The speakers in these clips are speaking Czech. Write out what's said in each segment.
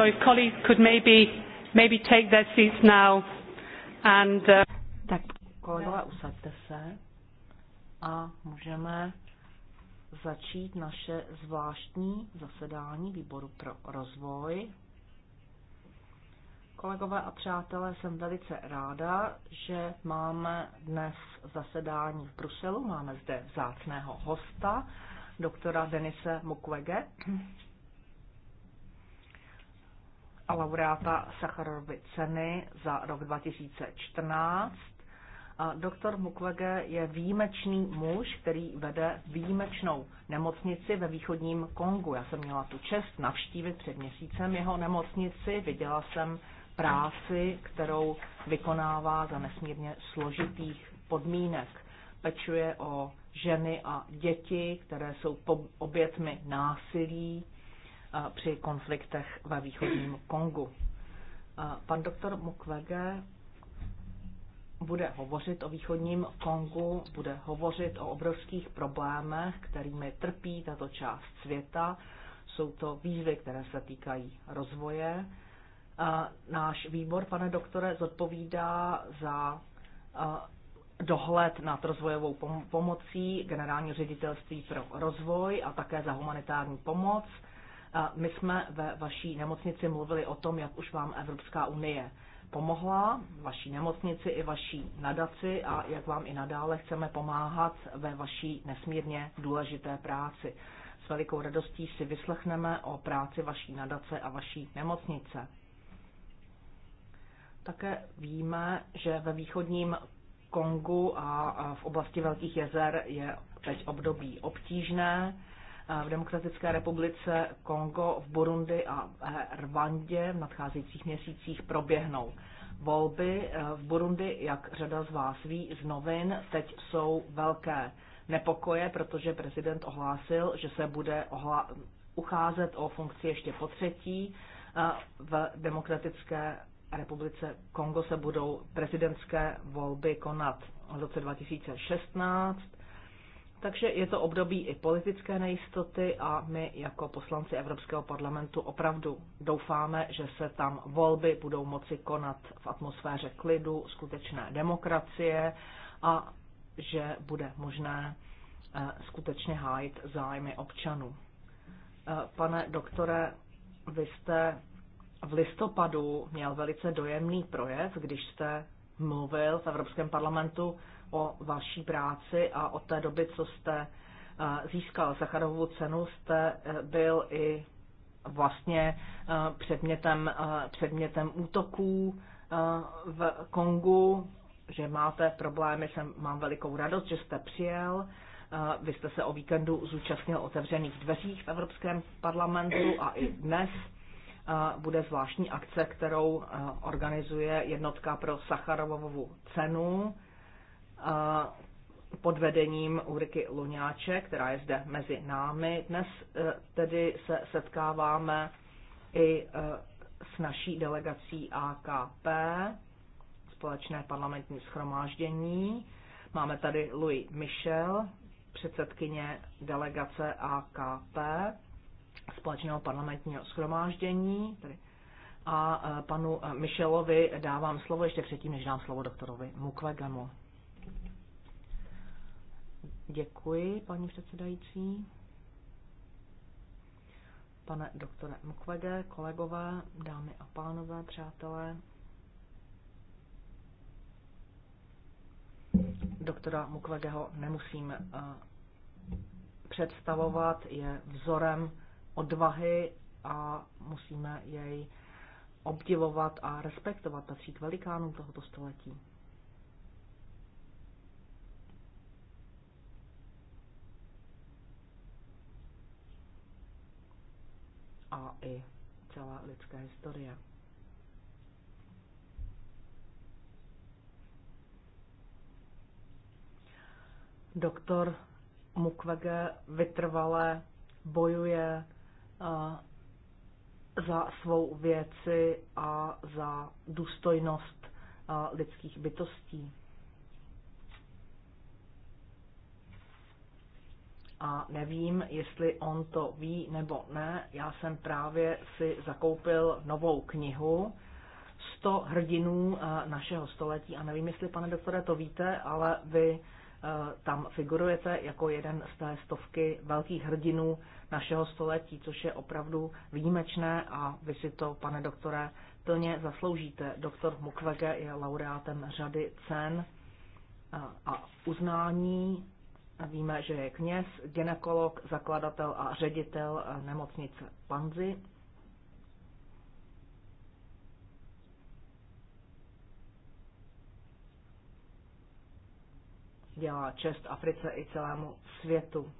So if colleagues could maybe, maybe take their seats now and... Uh... Tak kolegové, usaďte se a můžeme začít naše zvláštní zasedání výboru pro rozvoj. Kolegové a přátelé, jsem velice ráda, že máme dnes zasedání v Bruselu. Máme zde vzácného hosta, doktora Denise Mukwege laureáta Sacharovy ceny za rok 2014. A doktor Mukwege je výjimečný muž, který vede výjimečnou nemocnici ve východním Kongu. Já jsem měla tu čest navštívit před měsícem jeho nemocnici, viděla jsem práci, kterou vykonává za nesmírně složitých podmínek. Pečuje o ženy a děti, které jsou obětmi násilí, při konfliktech ve východním Kongu. Pan doktor Mukwege bude hovořit o východním Kongu, bude hovořit o obrovských problémech, kterými trpí tato část světa. Jsou to výzvy, které se týkají rozvoje. Náš výbor, pane doktore, zodpovídá za dohled nad rozvojovou pomocí generálního ředitelství pro rozvoj a také za humanitární pomoc my jsme ve vaší nemocnici mluvili o tom, jak už vám Evropská unie pomohla, vaší nemocnici i vaší nadaci a jak vám i nadále chceme pomáhat ve vaší nesmírně důležité práci. S velikou radostí si vyslechneme o práci vaší nadace a vaší nemocnice. Také víme, že ve východním Kongu a v oblasti Velkých jezer je teď období obtížné v Demokratické republice Kongo, v Burundi a Rwandě v nadcházejících měsících proběhnou volby. V Burundi, jak řada z vás ví z novin, teď jsou velké nepokoje, protože prezident ohlásil, že se bude ohla- ucházet o funkci ještě po třetí. V Demokratické republice Kongo se budou prezidentské volby konat v roce 2016 takže je to období i politické nejistoty a my jako poslanci Evropského parlamentu opravdu doufáme, že se tam volby budou moci konat v atmosféře klidu, skutečné demokracie a že bude možné eh, skutečně hájit zájmy občanů. Eh, pane doktore, vy jste v listopadu měl velice dojemný projev, když jste mluvil v Evropském parlamentu o vaší práci a od té doby, co jste eh, získal Sacharovovu cenu, jste eh, byl i vlastně eh, předmětem, předmětem útoků v Kongu, že máte problémy, jsem, mám velikou radost, že jste přijel. Vy jste se o víkendu zúčastnil otevřených dveřích v Evropském parlamentu a i dnes bude zvláštní akce, kterou organizuje jednotka pro Sacharovovu cenu pod vedením Uriky Luňáče, která je zde mezi námi. Dnes e, tedy se setkáváme i e, s naší delegací AKP, společné parlamentní schromáždění. Máme tady Louis Michel, předsedkyně delegace AKP, společného parlamentního schromáždění. a e, panu Michelovi dávám slovo ještě předtím, než dám slovo doktorovi Mukwegemu. Děkuji, paní předsedající. Pane doktore Mukwege, kolegové, dámy a pánové, přátelé, doktora Mukwegeho nemusím eh, představovat, je vzorem odvahy a musíme jej obdivovat a respektovat, patří k velikánům tohoto století. i celá lidská historie. Doktor Mukwege vytrvale bojuje eh, za svou věci a za důstojnost eh, lidských bytostí. a nevím, jestli on to ví nebo ne. Já jsem právě si zakoupil novou knihu 100 hrdinů eh, našeho století a nevím, jestli, pane doktore, to víte, ale vy eh, tam figurujete jako jeden z té stovky velkých hrdinů našeho století, což je opravdu výjimečné a vy si to, pane doktore, plně zasloužíte. Doktor Mukwege je laureátem řady cen eh, a uznání Víme, že je kněz, ginekolog, zakladatel a ředitel eh, nemocnice Panzi. Dělá čest Africe i celému světu.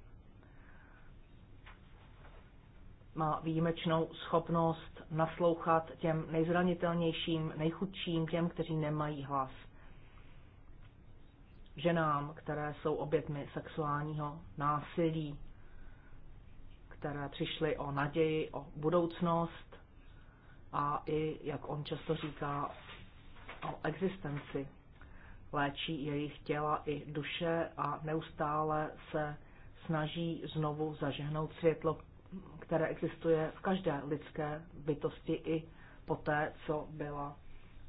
Má výjimečnou schopnost naslouchat těm nejzranitelnějším, nejchudším, těm, kteří nemají hlas ženám, které jsou obětmi sexuálního násilí, které přišly o naději, o budoucnost a i, jak on často říká, o existenci. Léčí jejich těla i duše a neustále se snaží znovu zažehnout světlo, které existuje v každé lidské bytosti i po té, co byla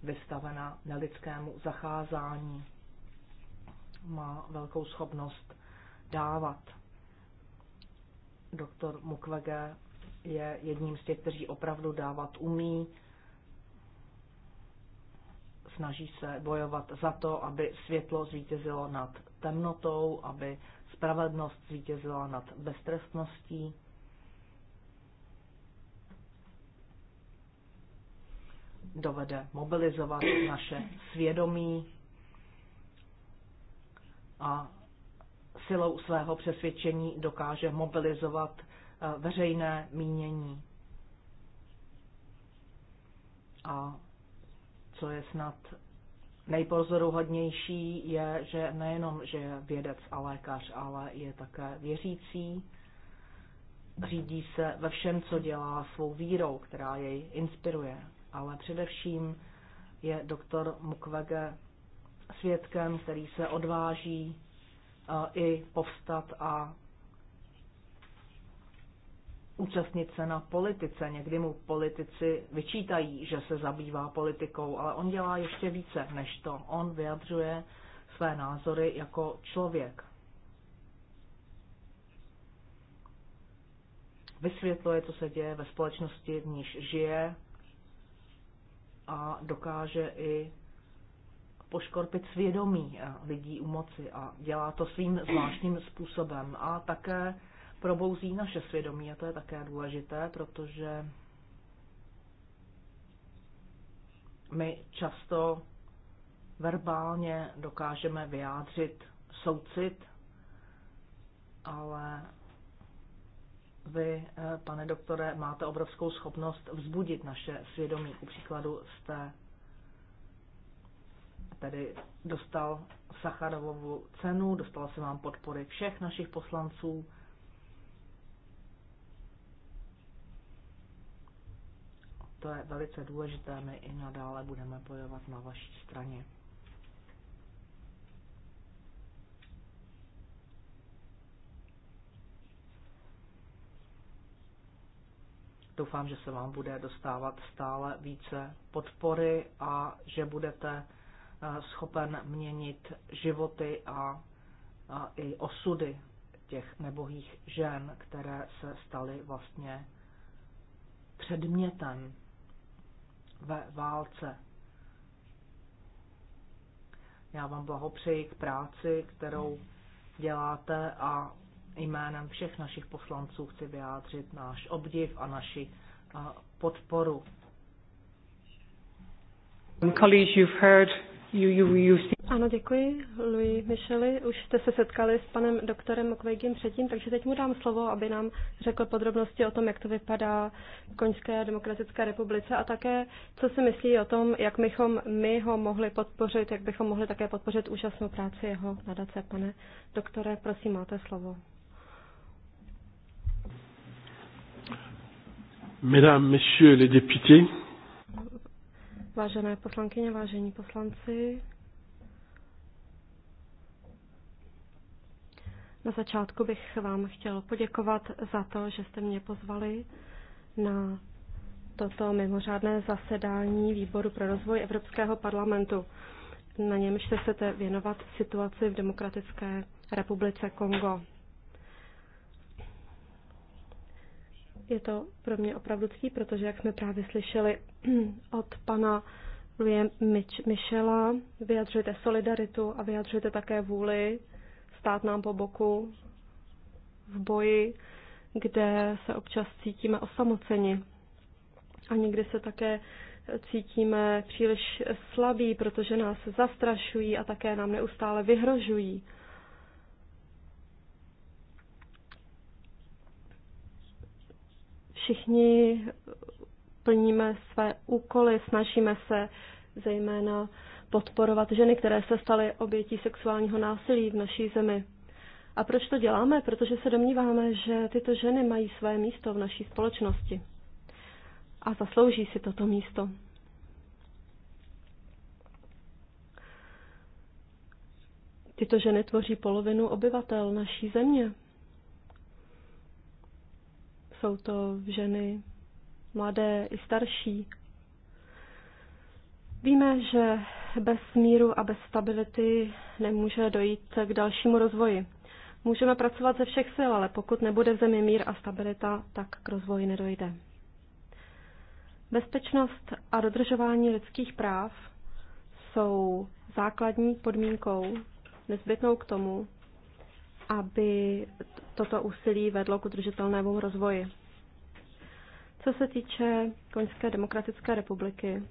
vystavena nelidskému zacházání má velkou schopnost dávat. Doktor Mukwege je jedním z těch, kteří opravdu dávat umí, snaží se bojovat za to, aby světlo zvítězilo nad temnotou, aby spravedlnost zvítězila nad beztrestností. Dovede mobilizovat naše svědomí, a silou svého přesvědčení dokáže mobilizovat eh, veřejné mínění. A co je snad nejpozoruhodnější, je, že nejenom, že je vědec a lékař, ale je také věřící, řídí se ve všem, co dělá svou vírou, která jej inspiruje. Ale především je doktor Mukwege svědkem, který se odváží eh, i povstat a účastnit se na politice. Někdy mu politici vyčítají, že se zabývá politikou, ale on dělá ještě více než to. On vyjadřuje své názory jako člověk. Vysvětluje, co se děje ve společnosti, v níž žije a dokáže i poškorpit svědomí eh, lidí u moci a dělá to svým zvláštním způsobem a také probouzí naše svědomí a to je také důležité, protože my často verbálně dokážeme vyjádřit soucit, ale vy, eh, pane doktore, máte obrovskou schopnost vzbudit naše svědomí. u příkladu jste tedy dostal Sacharovovu cenu, dostala se vám podpory všech našich poslanců. To je velice důležité, my i nadále budeme bojovat na vaší straně. Doufám, že se vám bude dostávat stále více podpory a že budete schopen měnit životy a, a i osudy těch nebohých žen, které se staly vlastně předmětem ve válce. Já vám blahopřeji k práci, kterou děláte a jménem všech našich poslanců chci vyjádřit náš obdiv a naši podporu. Colleagues, you've heard You, you, you ano, děkuji, Louis Micheli. Už jste se setkali s panem doktorem Mukwegem předtím, takže teď mu dám slovo, aby nám řekl podrobnosti o tom, jak to vypadá v Koňské demokratické republice a také, co si myslí o tom, jak bychom my ho mohli podpořit, jak bychom mohli také podpořit úžasnou práci jeho nadace. Pane doktore, prosím, máte slovo. Mesdames, messieurs les députés, Vážené poslankyně, vážení poslanci, na začátku bych vám chtěl poděkovat za to, že jste mě pozvali na toto mimořádné zasedání Výboru pro rozvoj Evropského parlamentu. Na němž se chcete věnovat situaci v Demokratické republice Kongo. Je to pro mě opravdu ctí, protože, jak jsme právě slyšeli, od pana Louis Michela. Vyjadřujete solidaritu a vyjadřujete také vůli stát nám po boku v boji, kde se občas cítíme osamoceni. A někdy se také cítíme příliš slabí, protože nás zastrašují a také nám neustále vyhrožují. Všichni plníme své úkoly, snažíme se zejména podporovat ženy, které se staly obětí sexuálního násilí v naší zemi. A proč to děláme? Protože se domníváme, že tyto ženy mají své místo v naší společnosti a zaslouží si toto místo. Tyto ženy tvoří polovinu obyvatel naší země. Jsou to ženy mladé i starší. Víme, že bez míru a bez stability nemůže dojít k dalšímu rozvoji. Můžeme pracovat ze všech sil, ale pokud nebude v zemi mír a stabilita, tak k rozvoji nedojde. Bezpečnost a dodržování lidských práv jsou základní podmínkou nezbytnou k tomu, aby toto úsilí vedlo k udržitelnému rozvoji. Co se týče Koňské demokratické republiky,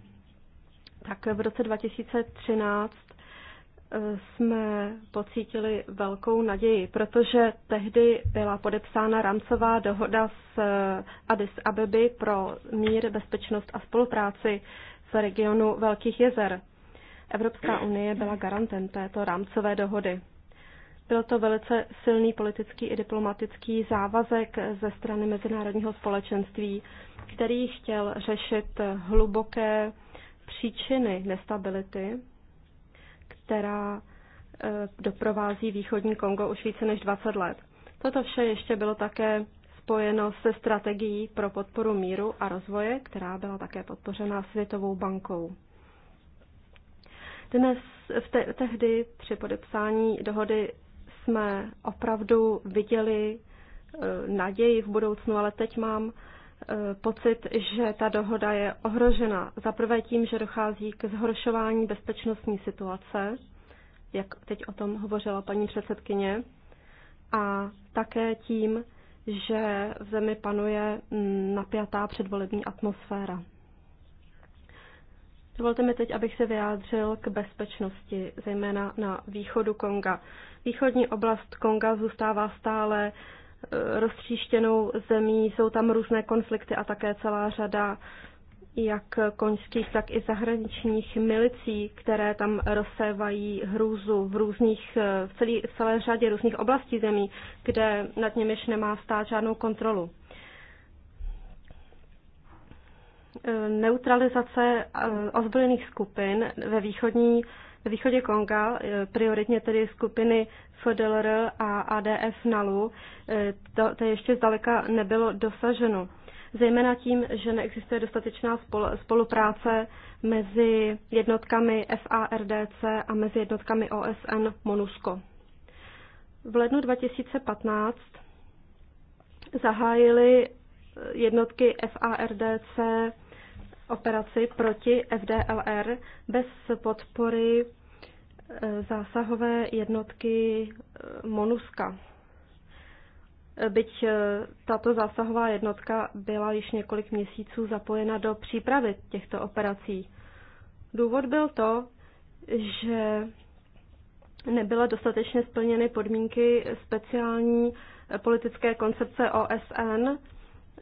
tak v roce 2013 eh, jsme pocítili velkou naději, protože tehdy byla podepsána rámcová dohoda s eh, Addis Abeby pro mír, bezpečnost a spolupráci v regionu Velkých jezer. Evropská unie byla garantem této rámcové dohody. Byl to velice silný politický i diplomatický závazek ze strany mezinárodního společenství, který chtěl řešit hluboké příčiny nestability, která eh, doprovází východní Kongo už více než 20 let. Toto vše ještě bylo také spojeno se strategií pro podporu míru a rozvoje, která byla také podpořena Světovou bankou. Dnes, v te, tehdy při podepsání dohody jsme opravdu viděli eh, naději v budoucnu, ale teď mám eh, pocit, že ta dohoda je ohrožena. Zaprvé tím, že dochází k zhoršování bezpečnostní situace, jak teď o tom hovořila paní předsedkyně, a také tím, že v zemi panuje mm, napjatá předvolební atmosféra. Dovolte mi teď, abych se vyjádřil k bezpečnosti, zejména na východu Konga. Východní oblast Konga zůstává stále e, roztříštěnou zemí, jsou tam různé konflikty a také celá řada jak koňských, tak i zahraničních milicí, které tam rozsévají hrůzu v, různých, e, v, celé, v celé řadě různých oblastí zemí, kde nad nimiž nemá stát žádnou kontrolu. Eh, neutralizace eh, ozbrojených skupin ve východní ve východě Konga, eh, prioritně tedy skupiny FDLR a ADF NALU, to, to ještě zdaleka nebylo dosaženo. Zejména tím, že neexistuje dostatečná spolupráce mezi jednotkami FARDC a mezi jednotkami OSN MONUSCO. V lednu 2015 zahájili jednotky FARDC operaci proti FDLR bez podpory e, zásahové jednotky e, MONUSKA. E, byť tato zásahová jednotka byla již několik měsíců zapojena do přípravy těchto operací. Důvod byl to, že nebyla dostatečně splněny podmínky speciální politické koncepce OSN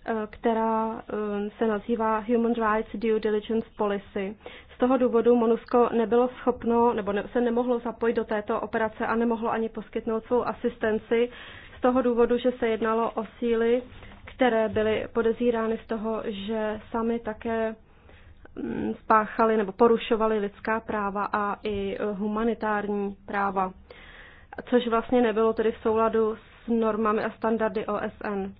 Eh, která eh, se nazývá Human Rights Due Diligence Policy. Z toho důvodu Monusko nebylo schopno nebo se nemohlo zapojit do této operace a nemohlo ani poskytnout svou asistenci z toho důvodu, že se jednalo o síly, které byly podezírány z toho, že sami také mm, spáchali nebo porušovali lidská práva a i eh, humanitární práva, což vlastně nebylo tedy v souladu s normami a standardy OSN.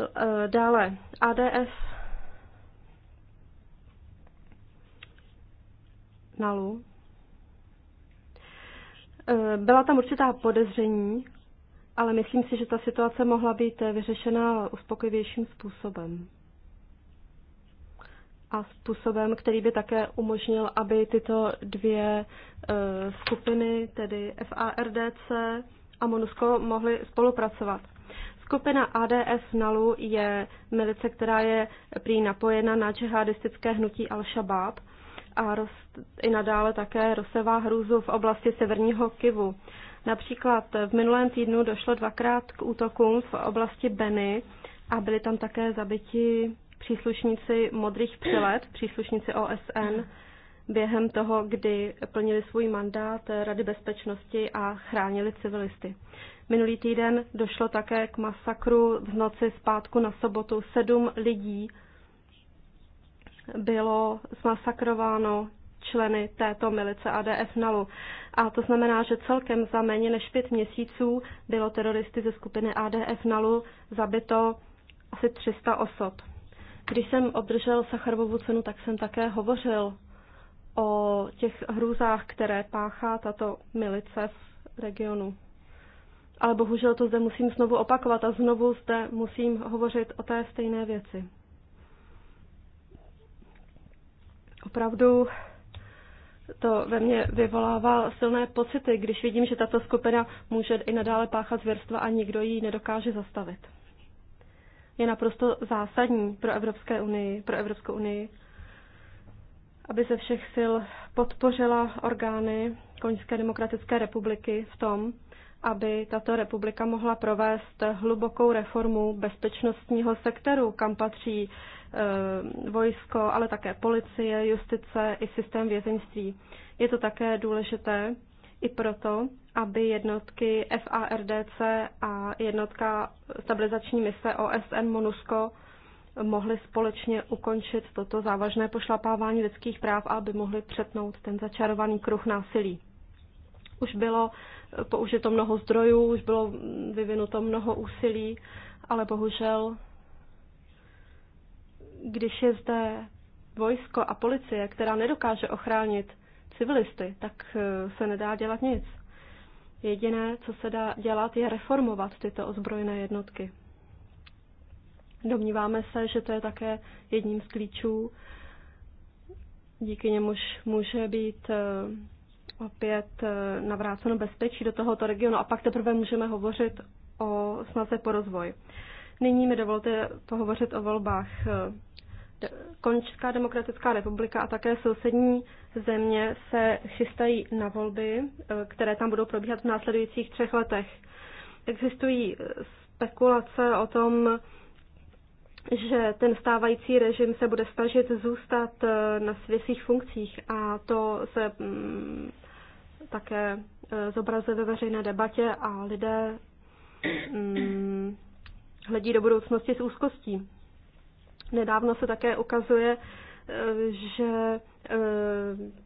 Eh, dále ADF NALU. Eh, byla tam určitá podezření, ale myslím si, že ta situace mohla být vyřešena uspokojivějším způsobem. A způsobem, který by také umožnil, aby tyto dvě eh, skupiny, tedy FARDC a MONUSCO, mohly spolupracovat. Skupina ADF Nalu je milice, která je prý napojena na džihadistické hnutí Al-Shabaab a rost, i nadále také rozsevá hrůzu v oblasti severního Kivu. Například v minulém týdnu došlo dvakrát k útokům v oblasti Beny a byli tam také zabiti příslušníci modrých přelet, příslušníci OSN, během toho, kdy plnili svůj mandát Rady bezpečnosti a chránili civilisty. Minulý týden došlo také k masakru v noci zpátku na sobotu. Sedm lidí bylo zmasakrováno členy této milice ADF NALU. A to znamená, že celkem za méně než pět měsíců bylo teroristy ze skupiny ADF NALU zabito asi 300 osob. Když jsem obdržel Sacharovovu cenu, tak jsem také hovořil o těch hrůzách, které páchá tato milice v regionu ale bohužel to zde musím znovu opakovat a znovu zde musím hovořit o té stejné věci. Opravdu to ve mně vyvolává silné pocity, když vidím, že tato skupina může i nadále páchat zvěrstva a nikdo ji nedokáže zastavit. Je naprosto zásadní pro, Evropské unii, pro Evropskou unii, aby ze všech sil podpořila orgány Koňské demokratické republiky v tom, aby tato republika mohla provést hlubokou reformu bezpečnostního sektoru, kam patří eh, vojsko, ale také policie, justice i systém vězeňství. Je to také důležité i proto, aby jednotky FARDC a jednotka stabilizační mise OSN MONUSCO mohly společně ukončit toto závažné pošlapávání lidských práv a aby mohly přetnout ten začarovaný kruh násilí. Už bylo použito mnoho zdrojů, už bylo vyvinuto mnoho úsilí, ale bohužel, když je zde vojsko a policie, která nedokáže ochránit civilisty, tak eh, se nedá dělat nic. Jediné, co se dá dělat, je reformovat tyto ozbrojené jednotky. Domníváme se, že to je také jedním z klíčů, díky němuž může být eh, opět eh, navráceno bezpečí do tohoto regionu a pak teprve můžeme hovořit o snaze po rozvoj. Nyní mi dovolte pohovořit o volbách. Eh, Končská demokratická republika a také sousední země se chystají na volby, eh, které tam budou probíhat v následujících třech letech. Existují spekulace o tom, že ten stávající režim se bude snažit zůstat na svých funkcích a to se mm, také eh, zobrazuje ve veřejné debatě a lidé hmm, hledí do budoucnosti s úzkostí. Nedávno se také ukazuje, eh, že eh,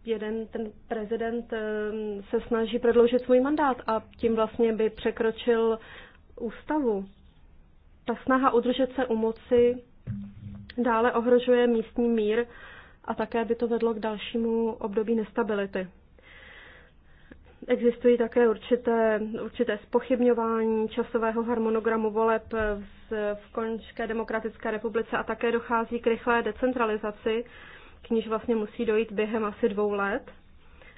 jeden ten prezident se snaží prodloužit svůj mandát a tím vlastně by překročil ústavu. Ta snaha udržet se u moci dále ohrožuje místní mír a také by to vedlo k dalšímu období nestability. Existují také určité, určité spochybňování časového harmonogramu voleb v, v Končké demokratické republice a také dochází k rychlé decentralizaci, k níž vlastně musí dojít během asi dvou let,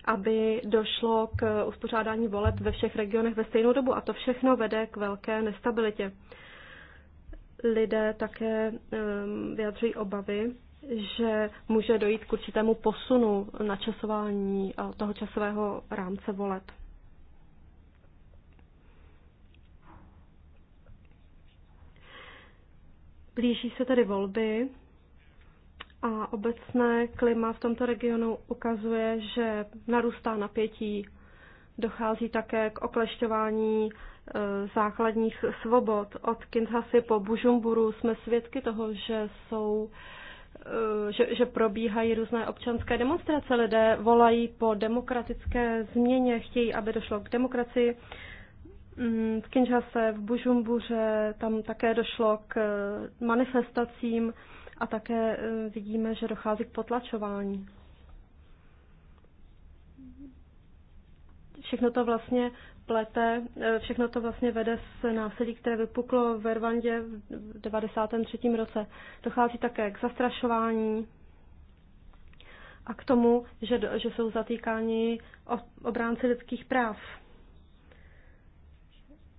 aby došlo k uspořádání voleb ve všech regionech ve stejnou dobu a to všechno vede k velké nestabilitě. Lidé také um, vyjadřují obavy, že může dojít k určitému posunu na časování toho časového rámce voleb. Blíží se tedy volby a obecné klima v tomto regionu ukazuje, že narůstá napětí, dochází také k oklešťování e, základních svobod. Od Kinshasy po Bujumburu jsme svědky toho, že jsou Eh, že, že probíhají různé občanské demonstrace. Lidé volají po demokratické změně, chtějí, aby došlo k demokracii. Mm, v Kinshase, v Bužumbuře, tam také došlo k eh, manifestacím a také eh, vidíme, že dochází k potlačování. Všechno to vlastně plete. Eh, všechno to vlastně vede z násilí, které vypuklo ve Rwandě v 93. roce. Dochází také k zastrašování a k tomu, že, že jsou zatýkáni obránci lidských práv.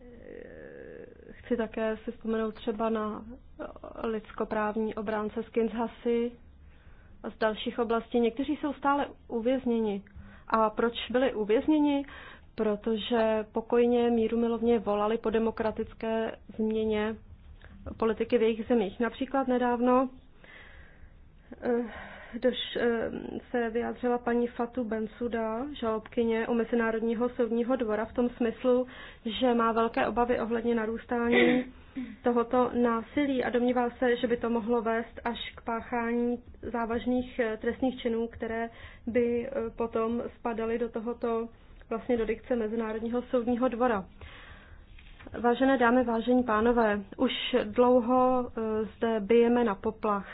Eh, chci také si vzpomenout třeba na lidskoprávní obránce z Kinshasy a z dalších oblastí. Někteří jsou stále uvězněni. A proč byli uvězněni? protože pokojně míru milovně volali po demokratické změně politiky v jejich zemích. Například nedávno eh, Dož eh, se vyjádřila paní Fatu Bensuda, žalobkyně u Mezinárodního soudního dvora, v tom smyslu, že má velké obavy ohledně narůstání tohoto násilí a domnívá se, že by to mohlo vést až k páchání závažných eh, trestných činů, které by potom spadaly do tohoto vlastně do dikce Mezinárodního soudního dvora. Vážené dámy, vážení pánové, už dlouho eh, zde bijeme na poplach.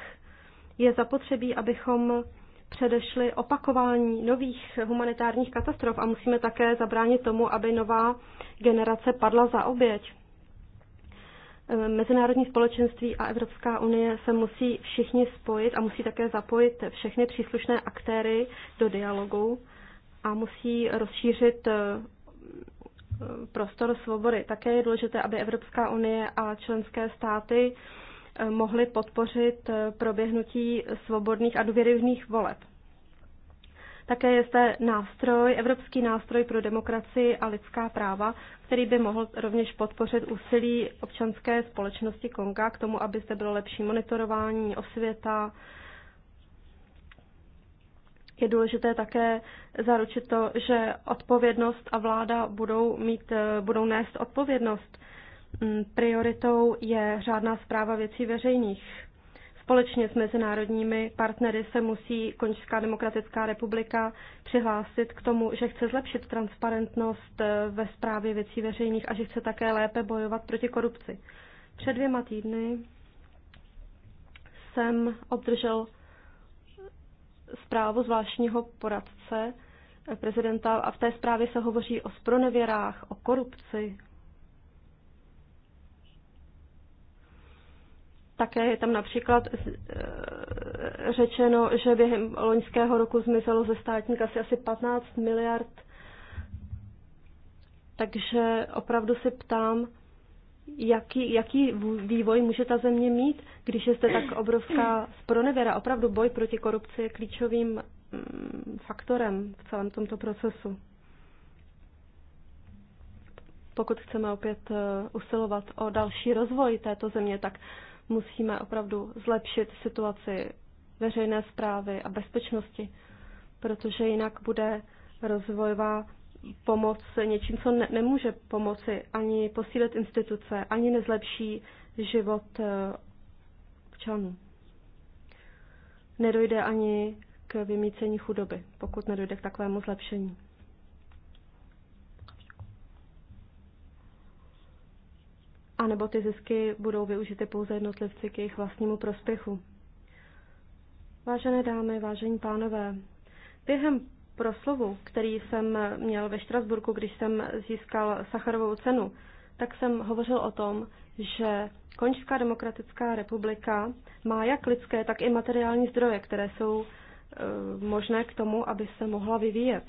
Je zapotřebí, abychom předešli opakování nových humanitárních katastrof a musíme také zabránit tomu, aby nová generace padla za oběť. Eh, Mezinárodní společenství a Evropská unie se musí všichni spojit a musí také zapojit všechny příslušné aktéry do dialogu a musí rozšířit eh, prostor svobody. Také je důležité, aby Evropská unie a členské státy eh, mohly podpořit eh, proběhnutí svobodných a důvěryvných voleb. Také je zde nástroj, Evropský nástroj pro demokracii a lidská práva, který by mohl rovněž podpořit úsilí občanské společnosti Konga k tomu, aby zde bylo lepší monitorování, osvěta, je důležité také zaručit to, že odpovědnost a vláda budou, mít, eh, budou nést odpovědnost. Mm, prioritou je řádná zpráva věcí veřejných. Společně s mezinárodními partnery se musí Končská demokratická republika přihlásit k tomu, že chce zlepšit transparentnost eh, ve zprávě věcí veřejných a že chce také lépe bojovat proti korupci. Před dvěma týdny jsem obdržel zprávu zvláštního poradce eh, prezidenta a v té zprávě se hovoří o spronevěrách, o korupci. Také je tam například eh, řečeno, že během loňského roku zmizelo ze státní kasy asi 15 miliard. Takže opravdu si ptám, jaký, jaký vývoj může ta země mít, když je zde tak obrovská spronevěra. Opravdu boj proti korupci je klíčovým mm, faktorem v celém tomto procesu. Pokud chceme opět eh, usilovat o další rozvoj této země, tak musíme opravdu zlepšit situaci veřejné zprávy a bezpečnosti, protože jinak bude rozvojová pomoct něčím, co ne- nemůže pomoci ani posílit instituce, ani nezlepší život eh, občanů. Nedojde ani k vymícení chudoby, pokud nedojde k takovému zlepšení. A nebo ty zisky budou využity pouze jednotlivci k jejich vlastnímu prospěchu. Vážené dámy, vážení pánové, během proslovu, který jsem měl ve Štrasburku, když jsem získal Sacharovou cenu, tak jsem hovořil o tom, že Končská demokratická republika má jak lidské, tak i materiální zdroje, které jsou e, možné k tomu, aby se mohla vyvíjet.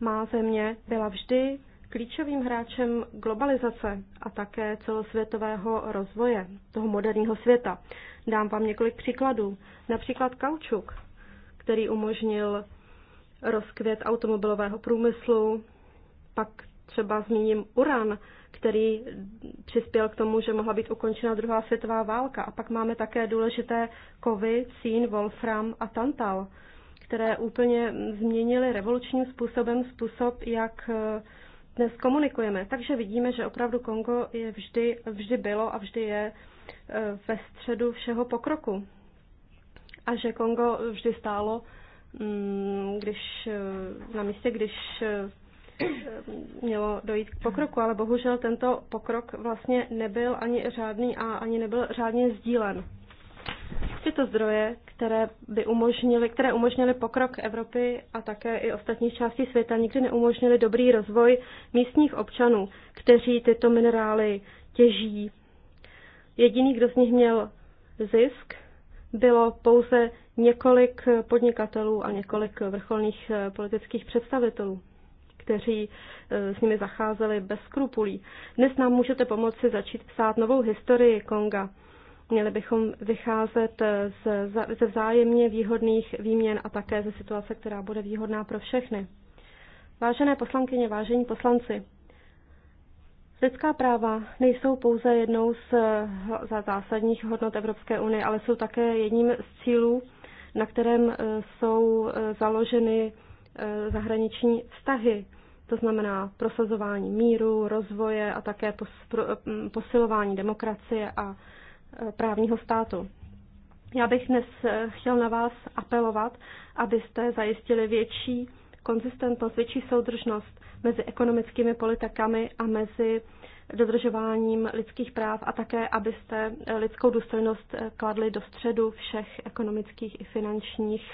Má země byla vždy klíčovým hráčem globalizace a také celosvětového rozvoje toho moderního světa. Dám vám několik příkladů. Například kaučuk který umožnil rozkvět automobilového průmyslu. Pak třeba zmíním uran, který přispěl k tomu, že mohla být ukončena druhá světová válka. A pak máme také důležité kovy, cín, wolfram a tantal, které úplně změnily revolučním způsobem způsob, jak eh, dnes komunikujeme. Takže vidíme, že opravdu Kongo je vždy, vždy bylo a vždy je eh, ve středu všeho pokroku a že Kongo vždy stálo, mm, když eh, na místě, když eh, mělo dojít k pokroku, ale bohužel tento pokrok vlastně nebyl ani řádný a ani nebyl řádně sdílen. Tyto zdroje, které by umožnily, které umožnily pokrok Evropy a také i ostatních částí světa, nikdy neumožnily dobrý rozvoj místních občanů, kteří tyto minerály těží. Jediný, kdo z nich měl zisk, bylo pouze několik podnikatelů a několik vrcholných eh, politických představitelů kteří eh, s nimi zacházeli bez skrupulí. Dnes nám můžete pomoci začít psát novou historii Konga. Měli bychom vycházet eh, ze vzájemně výhodných výměn a také ze situace, která bude výhodná pro všechny. Vážené poslankyně, vážení poslanci, Lidská práva nejsou pouze jednou z zásadních hodnot Evropské unie, ale jsou také jedním z cílů, na kterém eh, jsou eh, založeny eh, zahraniční vztahy. To znamená prosazování míru, rozvoje a také mm, posilování demokracie a právního státu. Já bych dnes chtěl na vás apelovat, abyste zajistili větší konzistentnost, větší soudržnost mezi ekonomickými politikami a mezi dodržováním lidských práv a také, abyste lidskou důstojnost kladli do středu všech ekonomických i finančních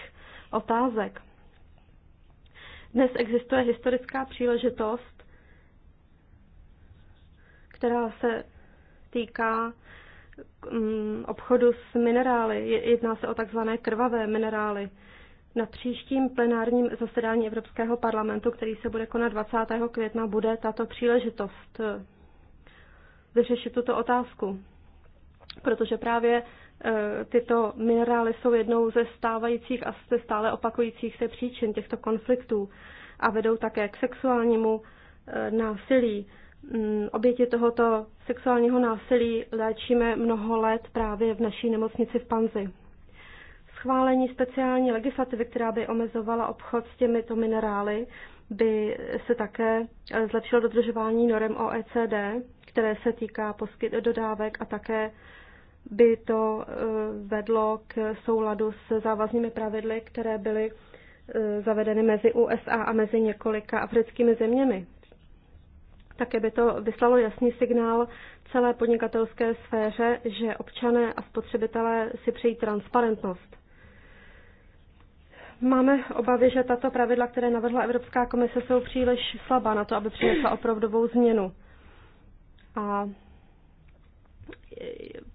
otázek. Dnes existuje historická příležitost, která se týká mm, obchodu s minerály. Jedná se o takzvané krvavé minerály. Na příštím plenárním zasedání Evropského parlamentu, který se bude konat 20. května, bude tato příležitost eh, vyřešit tuto otázku. Protože právě eh, tyto minerály jsou jednou ze stávajících a ze stále opakujících se příčin těchto konfliktů a vedou také k sexuálnímu eh, násilí. Mm, oběti tohoto sexuálního násilí léčíme mnoho let právě v naší nemocnici v Panzi schválení speciální legislativy, která by omezovala obchod s těmito minerály, by se také eh, zlepšilo dodržování norem OECD, které se týká poskyt dodávek a také by to eh, vedlo k souladu s závaznými pravidly, které byly eh, zavedeny mezi USA a mezi několika africkými zeměmi. Také by to vyslalo jasný signál celé podnikatelské sféře, že občané a spotřebitelé si přejí transparentnost. Máme obavy, že tato pravidla, které navrhla Evropská komise, jsou příliš slabá na to, aby přinesla opravdovou změnu. A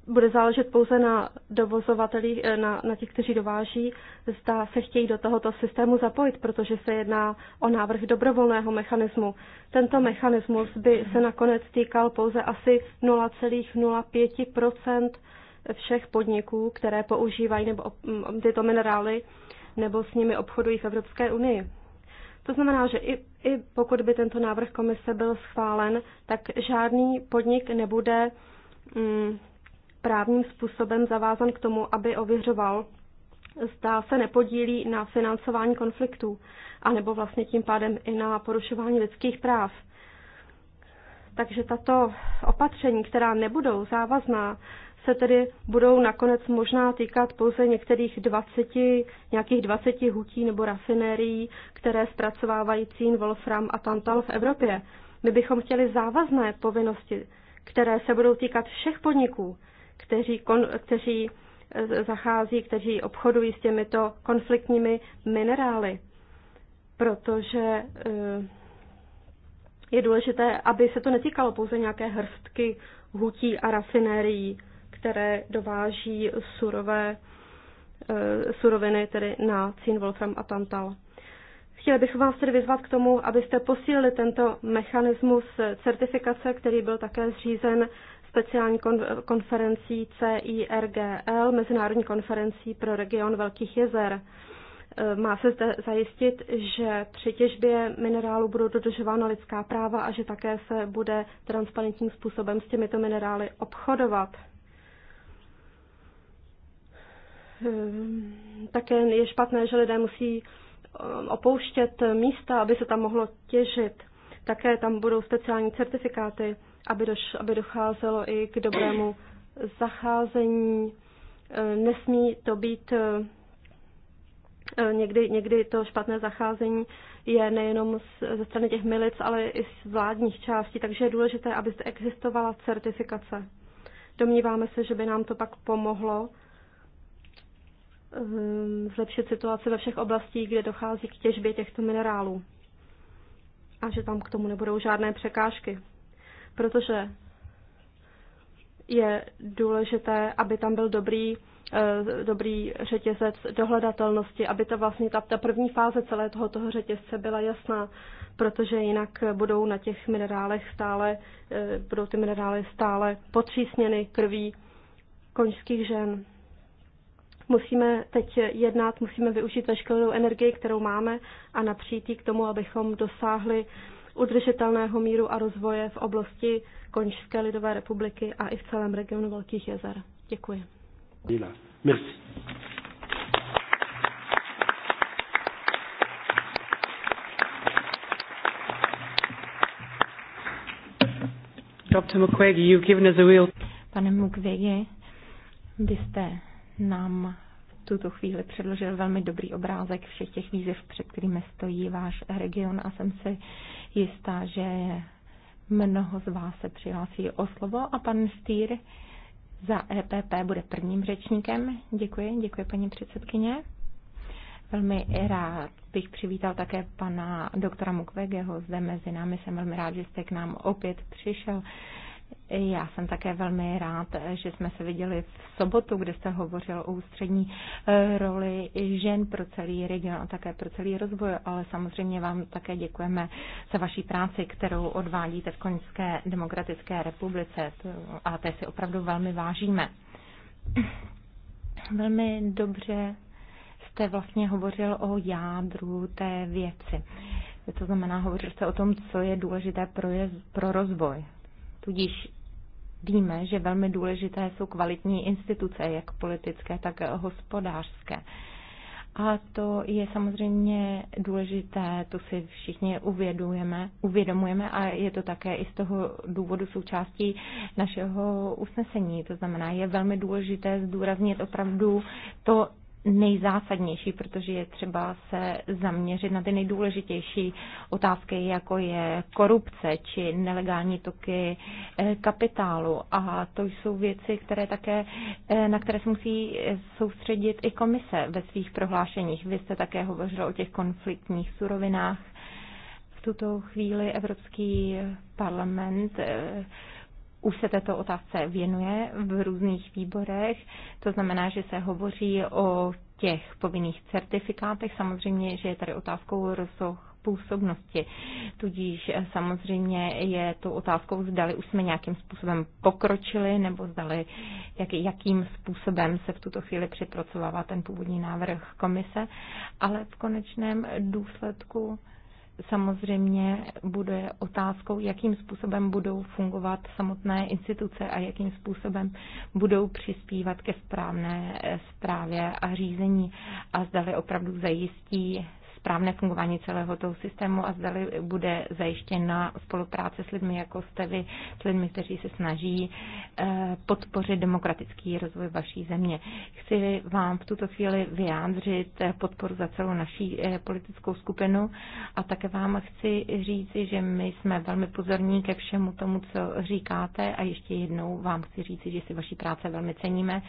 bude záležet pouze na dovozovatelích, eh, na, na těch, kteří dováží, zda se chtějí do tohoto systému zapojit, protože se jedná o návrh dobrovolného mechanismu. Tento mechanismus by se nakonec týkal pouze asi 0,05 všech podniků, které používají nebo mm, tyto minerály nebo s nimi obchodují v Evropské unii. To znamená, že i, i pokud by tento návrh komise byl schválen, tak žádný podnik nebude mm, právním způsobem zavázan k tomu, aby ověřoval, zda se nepodílí na financování konfliktů, anebo vlastně tím pádem i na porušování lidských práv. Takže tato opatření, která nebudou závazná, se tedy budou nakonec možná týkat pouze některých 20, nějakých 20 hutí nebo rafinérií, které zpracovávají cín, wolfram a tantal v Evropě. My bychom chtěli závazné povinnosti, které se budou týkat všech podniků, kteří, kon, kteří e, zachází, kteří obchodují s těmito konfliktními minerály. Protože e, je důležité, aby se to netýkalo pouze nějaké hrstky hutí a rafinérií které dováží surové, eh, suroviny, tedy na cín, wolfram a tantal. Chtěla bych vás tedy vyzvat k tomu, abyste posílili tento mechanismus certifikace, který byl také zřízen speciální konferencí CIRGL, Mezinárodní konferencí pro region Velkých jezer. Eh, má se zde zajistit, že při těžbě minerálu budou dodržována lidská práva a že také se bude transparentním způsobem s těmito minerály obchodovat. Ehm, také je špatné, že lidé musí ehm, opouštět místa, aby se tam mohlo těžit. Také tam budou speciální certifikáty, aby, doš, aby docházelo i k dobrému zacházení. Ehm, nesmí to být někdy, někdy to špatné zacházení je nejenom z, ze strany těch milic, ale i z vládních částí, takže je důležité, aby zde existovala certifikace. Domníváme se, že by nám to pak pomohlo Ehm, zlepšit situaci ve všech oblastích, kde dochází k těžbě těchto minerálů. A že tam k tomu nebudou žádné překážky. Protože je důležité, aby tam byl dobrý, eh, dobrý řetězec dohledatelnosti, aby to vlastně ta, ta první fáze celé toho řetězce byla jasná, protože jinak budou na těch minerálech stále, eh, budou ty minerály stále potřísněny krví koňských žen. Musíme teď jednat, musíme využít veškerou energii, kterou máme a napřít ji k tomu, abychom dosáhli udržitelného míru a rozvoje v oblasti Končské lidové republiky a i v celém regionu Velkých jezer. Děkuji. Merci. Dr. Mukwege, you've given us a wheel. Pane Mukwege, vy jste nám tuto chvíli předložil velmi dobrý obrázek všech těch výzev, před kterými stojí váš region a jsem si jistá, že mnoho z vás se přihlásí o slovo a pan Stýr za EPP bude prvním řečníkem. Děkuji, děkuji paní předsedkyně. Velmi rád bych přivítal také pana doktora Mukvegeho zde mezi námi. Jsem velmi rád, že jste k nám opět přišel. Já jsem také velmi rád, že jsme se viděli v sobotu, kde jste hovořil o ústřední eh, roli žen pro celý region a také pro celý rozvoj, ale samozřejmě vám také děkujeme za vaší práci, kterou odvádíte v Koňské demokratické republice a té si opravdu velmi vážíme. Velmi dobře jste vlastně hovořil o jádru té věci. To znamená, hovořil jste o tom, co je důležité pro, pro rozvoj Tudíž víme, že velmi důležité jsou kvalitní instituce, jak politické, tak hospodářské. A to je samozřejmě důležité, to si všichni uvědomujeme, uvědomujeme a je to také i z toho důvodu součástí našeho usnesení. To znamená, je velmi důležité zdůraznit opravdu to, nejzásadnější, protože je třeba se zaměřit na ty nejdůležitější otázky, jako je korupce či nelegální toky eh, kapitálu. A to jsou věci, které také, eh, na které se musí soustředit i komise ve svých prohlášeních. Vy jste také hovořil o těch konfliktních surovinách. V tuto chvíli Evropský parlament eh, už se této otázce věnuje v různých výborech. To znamená, že se hovoří o těch povinných certifikátech. Samozřejmě, že je tady otázkou rozsoh působnosti. Tudíž eh, samozřejmě je to otázkou, zdali už jsme nějakým způsobem pokročili, nebo zdali jak, jakým způsobem se v tuto chvíli připracovává ten původní návrh komise, ale v konečném důsledku samozřejmě bude otázkou, jakým způsobem budou fungovat samotné instituce a jakým způsobem budou přispívat ke správné eh, správě a řízení a zdali opravdu zajistí správné fungování celého toho systému a zda bude zajištěna spolupráce s lidmi, jako jste vy, s lidmi, kteří se snaží eh, podpořit demokratický rozvoj vaší země. Chci vám v tuto chvíli vyjádřit eh, podporu za celou naší eh, politickou skupinu a také vám chci říci, že my jsme velmi pozorní ke všemu tomu, co říkáte a ještě jednou vám chci říci, že si vaší práce velmi ceníme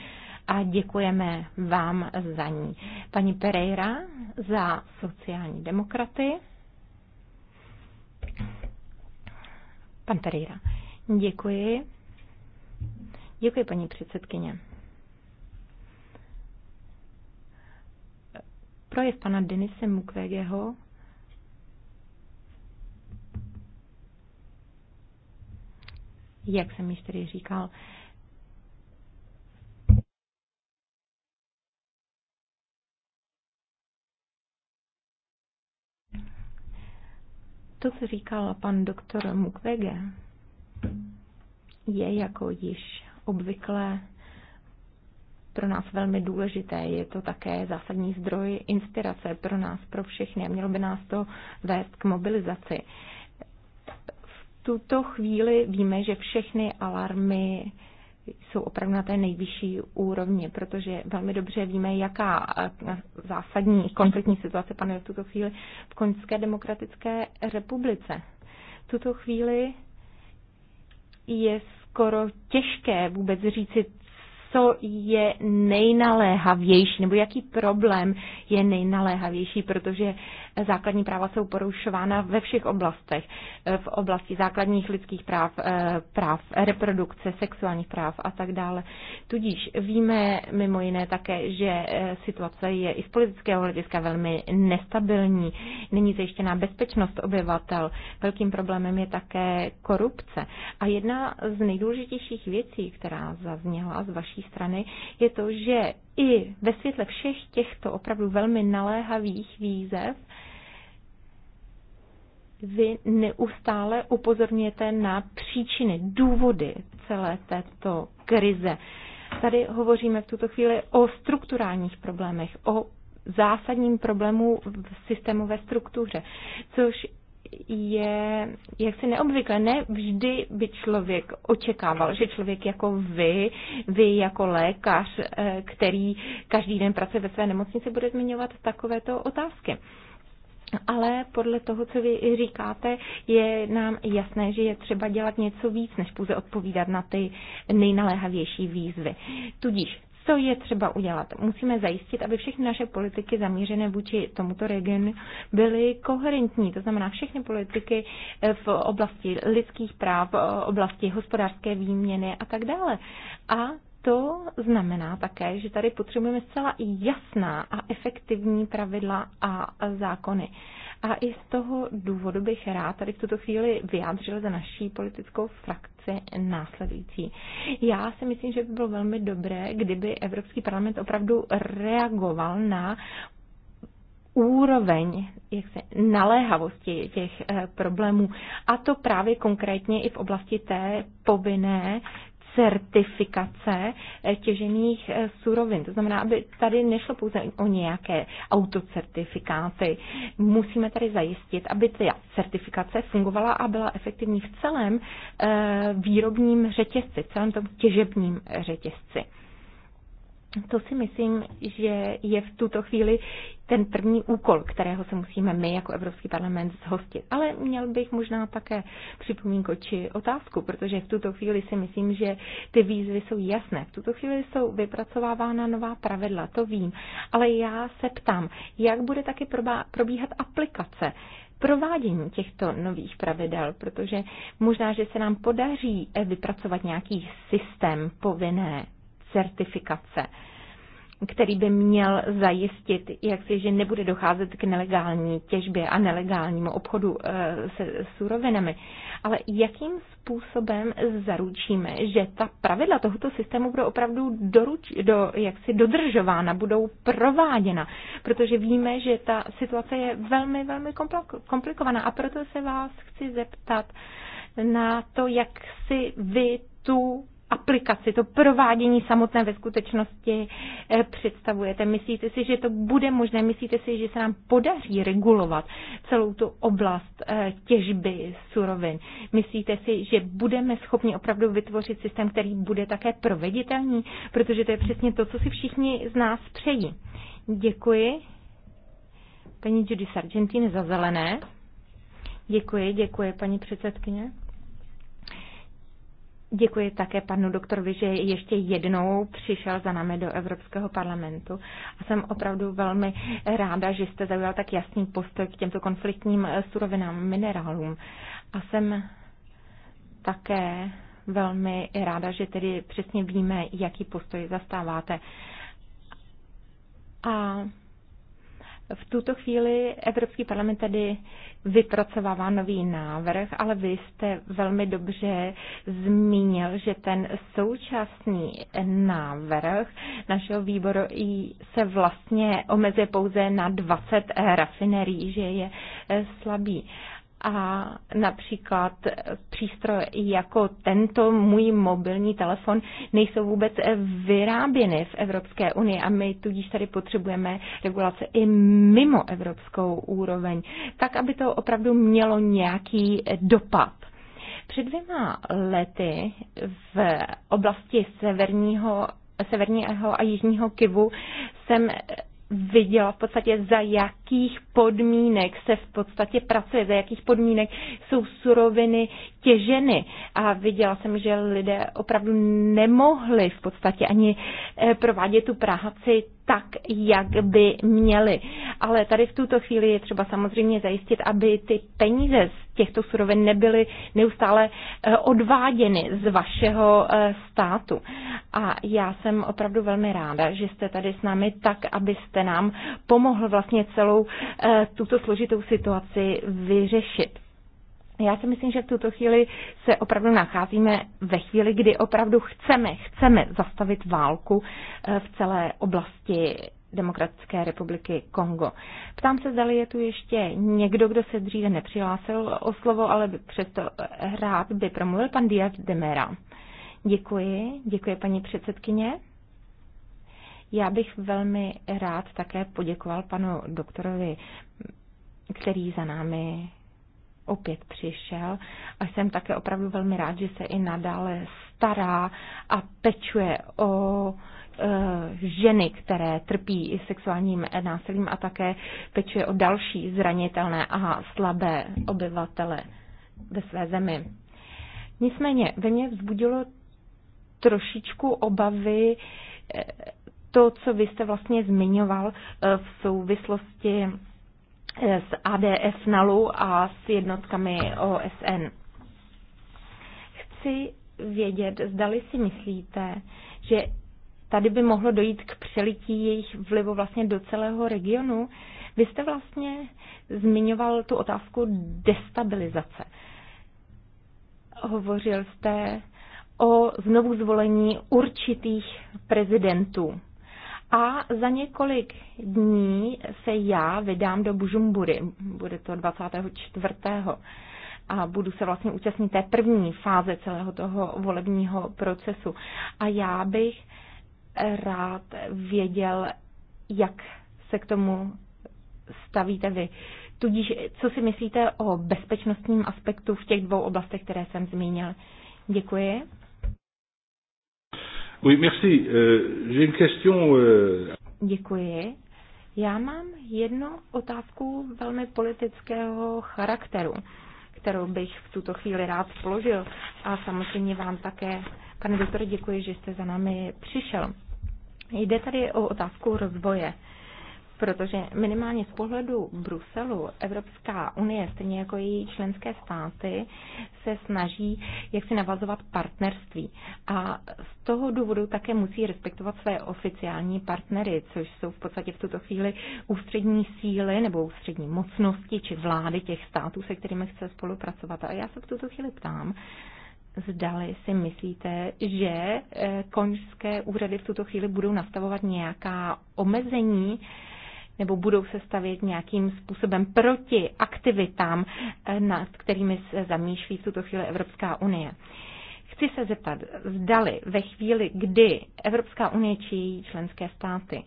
a děkujeme vám za ní. Paní Pereira za sociální demokraty. Pan Pereira. Děkuji. Děkuji, paní předsedkyně. Projev pana Denise Mukwegeho jak jsem již tedy říkal, To, co říkal pan doktor Mukwege, je jako již obvykle pro nás velmi důležité. Je to také zásadní zdroj inspirace pro nás, pro všechny. Mělo by nás to vést k mobilizaci. V tuto chvíli víme, že všechny alarmy jsou opravdu na té nejvyšší úrovni, protože velmi dobře víme, jaká eh, zásadní konfliktní situace panuje v tuto chvíli v Koňské demokratické republice. V tuto chvíli je skoro těžké vůbec říci, co je nejnaléhavější, nebo jaký problém je nejnaléhavější, protože základní práva jsou porušována ve všech oblastech. E, v oblasti základních lidských práv, e, práv reprodukce, sexuálních práv a tak dále. Tudíž víme mimo jiné také, že e, situace je i z politického hlediska velmi nestabilní. Není zajištěná bezpečnost obyvatel. Velkým problémem je také korupce. A jedna z nejdůležitějších věcí, která zazněla z vaší strany, je to, že i ve světle všech těchto opravdu velmi naléhavých výzev, vy neustále upozorňujete na příčiny, důvody celé této krize. Tady hovoříme v tuto chvíli o strukturálních problémech, o zásadním problému v systémové struktuře, což je jaksi neobvyklé. Ne vždy by člověk očekával, že člověk jako vy, vy jako lékař, eh, který každý den pracuje ve své nemocnici, bude zmiňovat takovéto otázky. Ale podle toho, co vy říkáte, je nám jasné, že je třeba dělat něco víc, než pouze odpovídat na ty nejnaléhavější výzvy. Tudíž co je třeba udělat? Musíme zajistit, aby všechny naše politiky zamířené vůči tomuto regionu byly koherentní. To znamená všechny politiky eh, v oblasti lidských práv, v eh, oblasti hospodářské výměny a tak dále. A to znamená také, že tady potřebujeme zcela jasná a efektivní pravidla a zákony. A i z toho důvodu bych rád tady v tuto chvíli vyjádřil za naší politickou frakci následující. Já si myslím, že by bylo velmi dobré, kdyby Evropský parlament opravdu reagoval na úroveň jak se, naléhavosti těch eh, problémů. A to právě konkrétně i v oblasti té povinné certifikace eh, těžených eh, surovin. To znamená, aby tady nešlo pouze o nějaké autocertifikáty. Musíme tady zajistit, aby ta certifikace fungovala a byla efektivní v celém eh, výrobním řetězci, v celém tom těžebním řetězci. To si myslím, že je v tuto chvíli ten první úkol, kterého se musíme my jako Evropský parlament zhostit. Ale měl bych možná také připomínku či otázku, protože v tuto chvíli si myslím, že ty výzvy jsou jasné. V tuto chvíli jsou vypracovávána nová pravidla, to vím. Ale já se ptám, jak bude taky probíhat aplikace provádění těchto nových pravidel, protože možná, že se nám podaří eh, vypracovat nějaký systém povinné certifikace který by měl zajistit, jak si, že nebude docházet k nelegální těžbě a nelegálnímu obchodu eh, se surovinami. Ale jakým způsobem zaručíme, že ta pravidla tohoto systému budou opravdu doruč, do, jak si, dodržována, budou prováděna? Protože víme, že ta situace je velmi, velmi komplikovaná a proto se vás chci zeptat na to, jak si vy tu aplikaci, to provádění samotné ve skutečnosti eh, představujete? Myslíte si, že to bude možné? Myslíte si, že se nám podaří regulovat celou tu oblast eh, těžby surovin? Myslíte si, že budeme schopni opravdu vytvořit systém, který bude také proveditelný? Protože to je přesně to, co si všichni z nás přejí. Děkuji. Paní Judy Sargentine za zelené. Děkuji, děkuji, paní předsedkyně. Děkuji také panu doktorovi, že ještě jednou přišel za námi do Evropského parlamentu a jsem opravdu velmi ráda, že jste zaujal tak jasný postoj k těmto konfliktním eh, surovinám, minerálům. A jsem také velmi ráda, že tedy přesně víme, jaký postoj zastáváte. A v tuto chvíli Evropský parlament tedy vypracovává nový návrh, ale vy jste velmi dobře zmínil, že ten současný návrh našeho výboru se vlastně omezuje pouze na 20 rafinerií, že je slabý a například přístroje jako tento můj mobilní telefon nejsou vůbec vyráběny v Evropské unii a my tudíž tady potřebujeme regulace i mimo evropskou úroveň, tak aby to opravdu mělo nějaký dopad. Před dvěma lety v oblasti severního severního a jižního Kivu jsem viděla v podstatě, za jakých podmínek se v podstatě pracuje, za jakých podmínek jsou suroviny těženy. A viděla jsem, že lidé opravdu nemohli v podstatě ani eh, provádět tu práci tak, jak by měly. Ale tady v tuto chvíli je třeba samozřejmě zajistit, aby ty peníze z těchto surovin nebyly neustále eh, odváděny z vašeho eh, státu. A já jsem opravdu velmi ráda, že jste tady s námi tak, abyste nám pomohl vlastně celou eh, tuto složitou situaci vyřešit. Já si myslím, že v tuto chvíli se opravdu nacházíme ve chvíli, kdy opravdu chceme, chceme zastavit válku eh, v celé oblasti Demokratické republiky Kongo. Ptám se, zdali je tu ještě někdo, kdo se dříve nepřihlásil o slovo, ale by přesto eh, rád by promluvil pan Díaz Demera. Děkuji, děkuji paní předsedkyně. Já bych velmi rád také poděkoval panu doktorovi, který za námi opět přišel a jsem také opravdu velmi rád, že se i nadále stará a pečuje o e, ženy, které trpí i sexuálním násilím a také pečuje o další zranitelné a slabé obyvatele ve své zemi. Nicméně ve mně vzbudilo trošičku obavy e, to, co vy jste vlastně zmiňoval e, v souvislosti s ADF NALU a s jednotkami OSN. Chci vědět, zdali si myslíte, že tady by mohlo dojít k přelití jejich vlivu vlastně do celého regionu. Vy jste vlastně zmiňoval tu otázku destabilizace. Hovořil jste o znovu zvolení určitých prezidentů. A za několik dní se já vydám do Bužumbury, bude to 24. a budu se vlastně účastnit té první fáze celého toho volebního procesu. A já bych rád věděl, jak se k tomu stavíte vy. Tudíž, co si myslíte o bezpečnostním aspektu v těch dvou oblastech, které jsem zmínil? Děkuji. Oui, merci. Euh, j'ai une question. Euh. Děkuji. Já mám jednu otázku velmi politického charakteru, kterou bych v tuto chvíli rád položil. A samozřejmě vám také, pane doktore, děkuji, že jste za námi přišel. Jde tady o otázku rozvoje protože minimálně z pohledu Bruselu Evropská unie, stejně jako její členské státy, se snaží jak si navazovat partnerství. A z toho důvodu také musí respektovat své oficiální partnery, což jsou v podstatě v tuto chvíli ústřední síly nebo ústřední mocnosti či vlády těch států, se kterými chce spolupracovat. A já se v tuto chvíli ptám, zdali si myslíte, že eh, konžské úřady v tuto chvíli budou nastavovat nějaká omezení nebo budou se stavět nějakým způsobem proti aktivitám, eh, nad kterými se zamýšlí v tuto chvíli Evropská unie. Chci se zeptat, zdali ve chvíli, kdy Evropská unie či její členské státy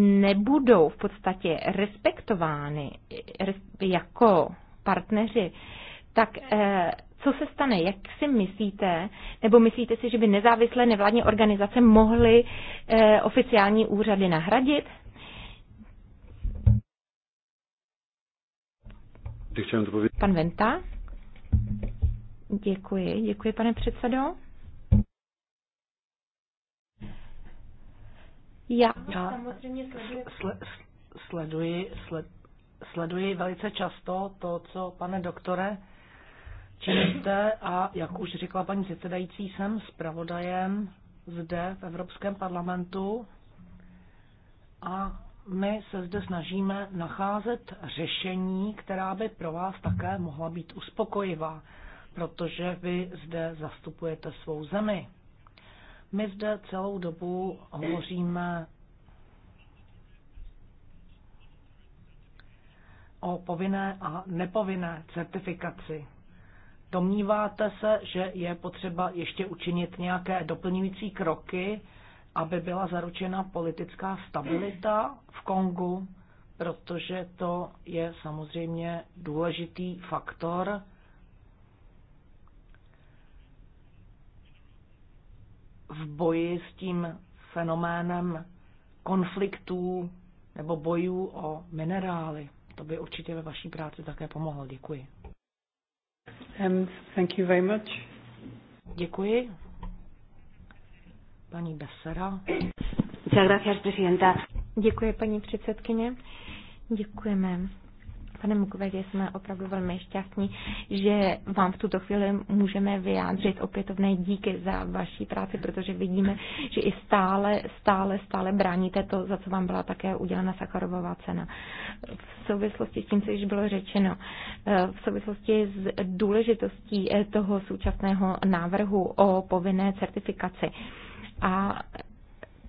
nebudou v podstatě respektovány eh, jako partneři, tak eh, co se stane? Jak si myslíte, nebo myslíte si, že by nezávislé nevládní organizace mohly eh, oficiální úřady nahradit? Pan Venta? Děkuji, děkuji, pane předsedo. Já, Já samozřejmě sleduji, sleduji, sleduji velice často to, co, pane doktore, činíte a jak už řekla paní předsedající, jsem zpravodajem zde v Evropském parlamentu a my se zde snažíme nacházet řešení, která by pro vás také mohla být uspokojivá, protože vy zde zastupujete svou zemi. My zde celou dobu hovoříme o povinné a nepovinné certifikaci Domníváte se, že je potřeba ještě učinit nějaké doplňující kroky, aby byla zaručena politická stabilita v Kongu, protože to je samozřejmě důležitý faktor. v boji s tím fenoménem konfliktů nebo bojů o minerály. To by určitě ve vaší práci také pomohlo. Děkuji. Um, thank you very much. Děkuji. Paní Besera. gracias, presidenta. Děkuji, paní předsedkyně. Děkujeme Pane Mukwege, jsme opravdu velmi šťastní, že vám v tuto chvíli můžeme vyjádřit opětovné díky za vaší práci, protože vidíme, že i stále, stále, stále bráníte to, za co vám byla také udělena sakarová cena. V souvislosti s tím, co již bylo řečeno, eh, v souvislosti s důležitostí eh, toho současného návrhu o povinné certifikaci a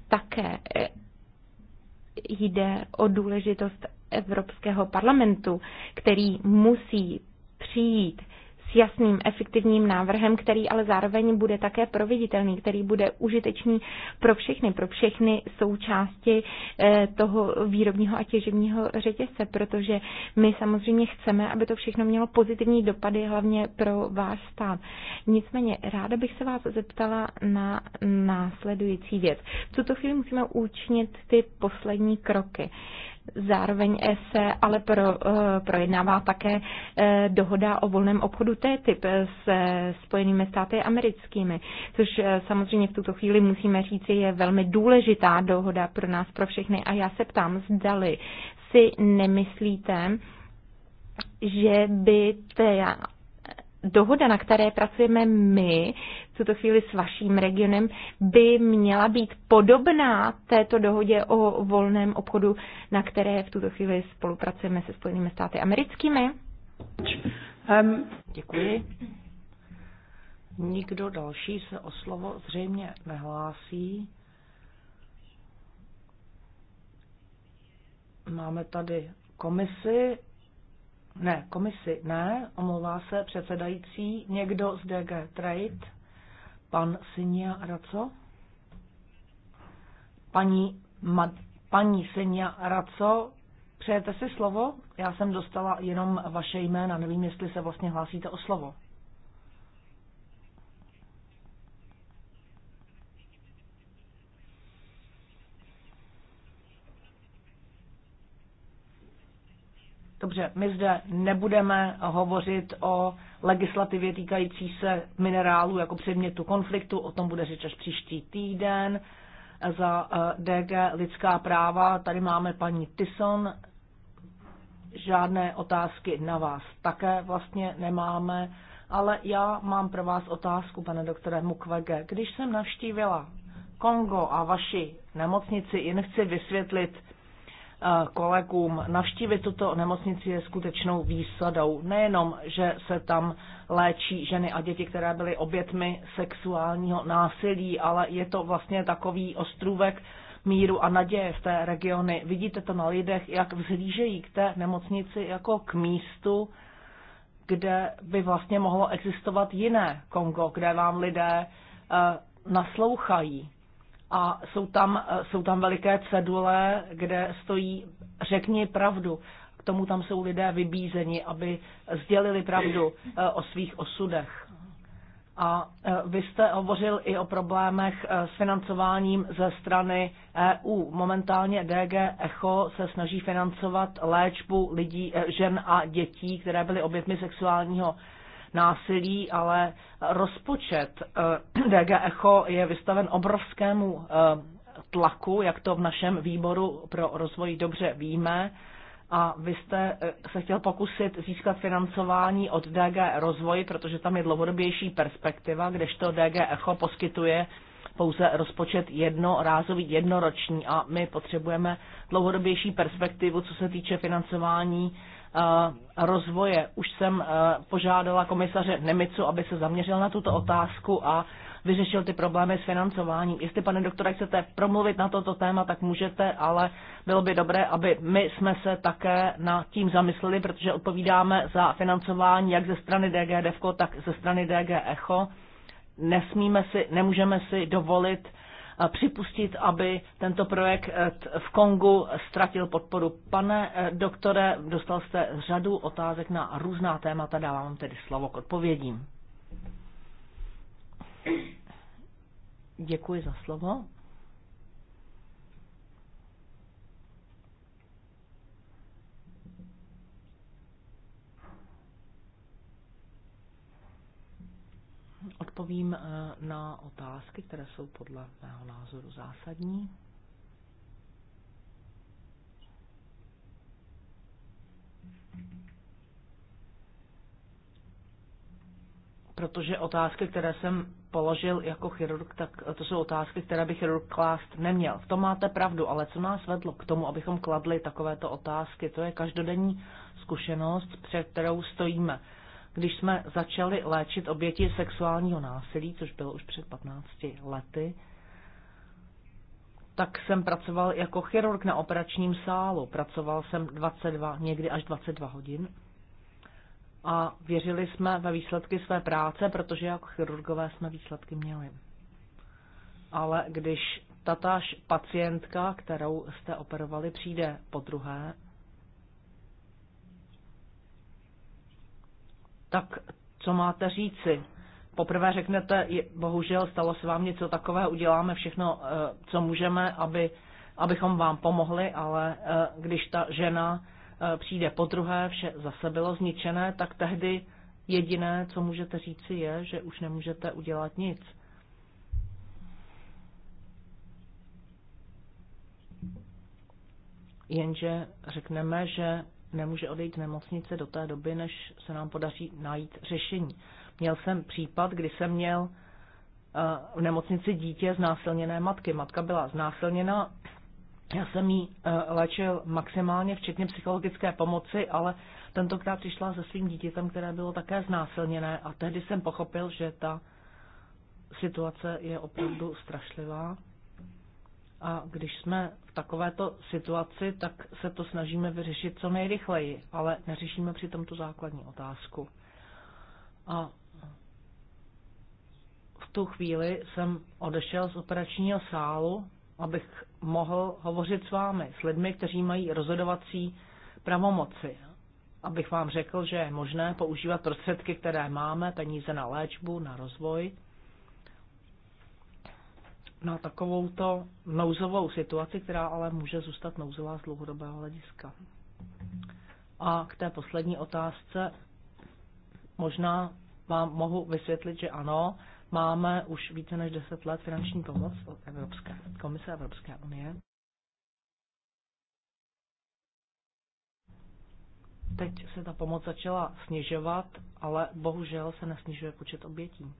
také eh, jde o důležitost Evropského parlamentu, který musí přijít s jasným, efektivním návrhem, který ale zároveň bude také proveditelný, který bude užitečný pro všechny, pro všechny součásti eh, toho výrobního a těžebního řetězce, protože my samozřejmě chceme, aby to všechno mělo pozitivní dopady, hlavně pro váš stát. Nicméně ráda bych se vás zeptala na následující věc. V tuto chvíli musíme učinit ty poslední kroky. Zároveň se ale pro, eh, projednává také eh, dohoda o volném obchodu TTIP eh, s Spojenými státy americkými, což samozřejmě v tuto chvíli musíme říci je velmi důležitá dohoda pro nás, pro všechny. A já se ptám, zdali si nemyslíte, že by ta dohoda, na které pracujeme my, tuto chvíli s vaším regionem, by měla být podobná této dohodě o volném obchodu, na které v tuto chvíli spolupracujeme se Spojenými státy americkými? Um, děkuji. Nikdo další se o slovo zřejmě nehlásí. Máme tady komisi. Ne, komisi ne, omlouvá se předsedající. Někdo z DG Trade? Pan Senia Raco? Paní, ma, paní Senia Raco, přejete si slovo? Já jsem dostala jenom vaše jména, nevím, jestli se vlastně hlásíte o slovo. Dobře, my zde nebudeme hovořit o legislativě týkající se minerálů jako předmětu konfliktu, o tom bude řeč až příští týden. Za eh, DG lidská práva tady máme paní Tyson. Žádné otázky na vás také vlastně nemáme, ale já mám pro vás otázku, pane doktore Mukwege. Když jsem navštívila Kongo a vaši nemocnici, jen chci vysvětlit, Eh, kolegům navštívit tuto nemocnici je skutečnou výsadou. Nejenom, že se tam léčí ženy a děti, které byly obětmi sexuálního násilí, ale je to vlastně takový ostrůvek míru a naděje v té regiony. Vidíte to na lidech, jak vzhlížejí k té nemocnici jako k místu, kde by vlastně mohlo existovat jiné Kongo, kde vám lidé eh, naslouchají a jsou tam, eh, jsou tam veliké cedule, kde stojí řekni pravdu. K tomu tam jsou lidé vybízeni, aby sdělili pravdu eh, o svých osudech. A eh, vy jste hovořil i o problémech s financováním ze strany EU. Momentálně DG Echo se snaží financovat léčbu lidí, žen a dětí, které byly obětmi sexuálního násilí, ale rozpočet eh, DG Echo je vystaven obrovskému eh, tlaku, jak to v našem výboru pro rozvoj dobře víme. A vy jste eh, se chtěl pokusit získat financování od DG Rozvoj, protože tam je dlouhodobější perspektiva, kdežto DG Echo poskytuje pouze rozpočet jednorázový, jednoroční a my potřebujeme dlouhodobější perspektivu, co se týče financování Eh, rozvoje. Už jsem eh, požádala komisaře Nemicu, aby se zaměřil na tuto otázku a vyřešil ty problémy s financováním. Jestli, pane doktore, chcete promluvit na toto téma, tak můžete, ale bylo by dobré, aby my jsme se také na tím zamysleli, protože odpovídáme za financování jak ze strany DG DEVCO, tak ze strany DG ECHO. Nesmíme si, nemůžeme si dovolit připustit, aby tento projekt eh, v Kongu ztratil podporu. Pane eh, doktore, dostal jste řadu otázek na různá témata, dávám vám tedy slovo k odpovědím. Děkuji za slovo. odpovím eh, na otázky, které jsou podle mého názoru zásadní. Protože otázky, které jsem položil jako chirurg, tak eh, to jsou otázky, které by chirurg klást neměl. V tom máte pravdu, ale co nás vedlo k tomu, abychom kladli takovéto otázky, to je každodenní zkušenost, před kterou stojíme když jsme začali léčit oběti sexuálního násilí, což bylo už před 15 lety, tak jsem pracoval jako chirurg na operačním sálu. Pracoval jsem 22, někdy až 22 hodin. A věřili jsme ve výsledky své práce, protože jako chirurgové jsme výsledky měli. Ale když tatáž pacientka, kterou jste operovali, přijde po druhé, tak co máte říci? Poprvé řeknete, bohužel stalo se vám něco takového, uděláme všechno, eh, co můžeme, aby, abychom vám pomohli, ale eh, když ta žena eh, přijde po druhé, vše zase bylo zničené, tak tehdy jediné, co můžete říci, je, že už nemůžete udělat nic. Jenže řekneme, že nemůže odejít z nemocnice do té doby, než se nám podaří najít řešení. Měl jsem případ, kdy jsem měl eh, v nemocnici dítě znásilněné matky. Matka byla znásilněna, já jsem jí eh, léčil maximálně, včetně psychologické pomoci, ale tentokrát přišla se svým dítětem, které bylo také znásilněné a tehdy jsem pochopil, že ta situace je opravdu strašlivá a když jsme v takovéto situaci, tak se to snažíme vyřešit co nejrychleji, ale neřešíme přitom tu základní otázku. A v tu chvíli jsem odešel z operačního sálu, abych mohl hovořit s vámi, s lidmi, kteří mají rozhodovací pravomoci. Abych vám řekl, že je možné používat prostředky, které máme, peníze na léčbu, na rozvoj, na takovouto nouzovou situaci, která ale může zůstat nouzová z dlouhodobého hlediska. A k té poslední otázce možná vám mohu vysvětlit, že ano, máme už více než 10 let finanční pomoc od Evropské komise Evropské unie. Teď se ta pomoc začala snižovat, ale bohužel se nesnižuje počet obětí.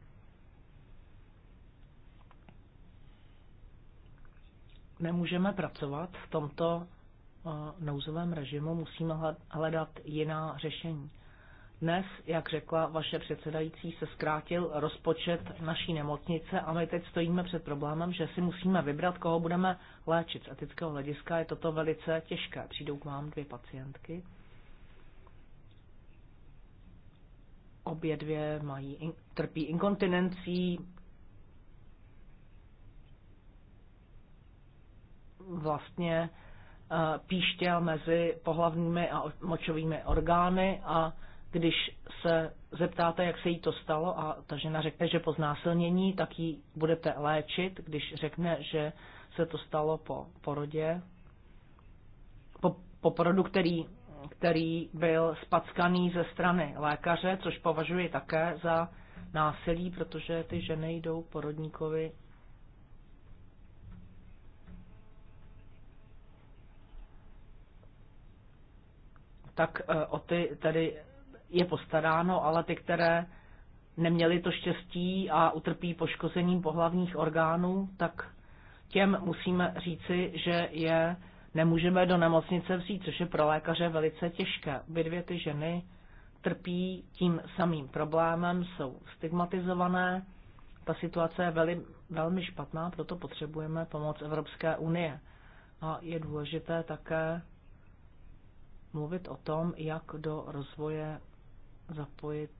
nemůžeme pracovat v tomto eh, nouzovém režimu, musíme hledat jiná řešení. Dnes, jak řekla vaše předsedající, se zkrátil rozpočet naší nemocnice a my teď stojíme před problémem, že si musíme vybrat, koho budeme léčit. Z etického hlediska je toto velice těžké. Přijdou k vám dvě pacientky. Obě dvě mají, trpí inkontinencí, vlastně eh, píštěl mezi pohlavními a močovými orgány a když se zeptáte, jak se jí to stalo a ta žena řekne, že po znásilnění, tak ji budete léčit, když řekne, že se to stalo po porodě, po, po porodu, který, který byl spackaný ze strany lékaře, což považuji také za násilí, protože ty ženy jdou porodníkovi tak eh, o ty tedy je postaráno, ale ty, které neměli to štěstí a utrpí poškozením pohlavních orgánů, tak těm musíme říci, že je nemůžeme do nemocnice vzít, což je pro lékaře velice těžké. Obě dvě ty ženy trpí tím samým problémem, jsou stigmatizované. Ta situace je veli, velmi špatná, proto potřebujeme pomoc Evropské unie. A je důležité také mluvit o tom, jak do rozvoje zapojit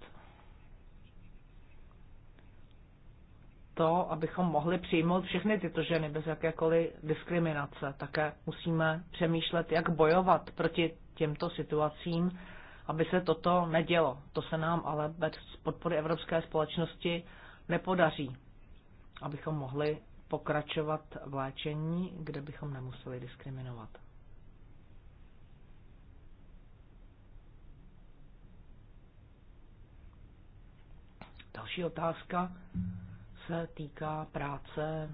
to, abychom mohli přijmout všechny tyto ženy bez jakékoliv diskriminace. Také musíme přemýšlet, jak bojovat proti těmto situacím, aby se toto nedělo. To se nám ale bez podpory evropské společnosti nepodaří, abychom mohli pokračovat v léčení, kde bychom nemuseli diskriminovat. Další otázka se týká práce,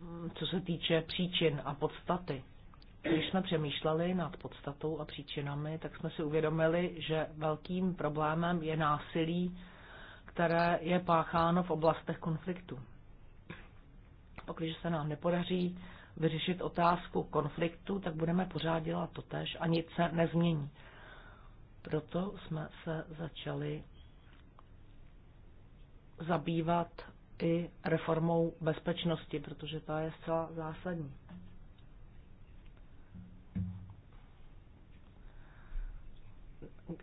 mm, co se týče příčin a podstaty. Když jsme přemýšleli nad podstatou a příčinami, tak jsme si uvědomili, že velkým problémem je násilí, které je pácháno v oblastech konfliktu. Pokud se nám nepodaří vyřešit otázku konfliktu, tak budeme pořád dělat totež a nic se nezmění. Proto jsme se začali zabývat i reformou bezpečnosti, protože ta je zcela zásadní.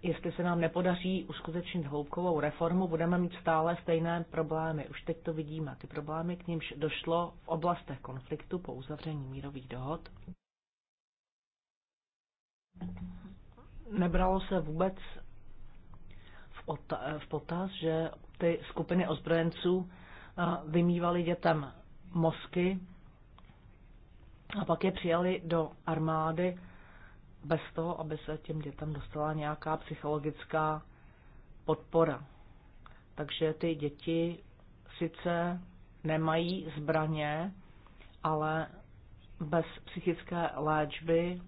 Jestli se nám nepodaří uskutečnit hloubkovou reformu, budeme mít stále stejné problémy. Už teď to vidíme. Ty problémy, k nímž došlo v oblastech konfliktu po uzavření mírových dohod, nebralo se vůbec v potaz, že ty skupiny ozbrojenců eh, vymývaly dětem mozky a pak je přijali do armády bez toho, aby se těm dětem dostala nějaká psychologická podpora. Takže ty děti sice nemají zbraně, ale bez psychické léčby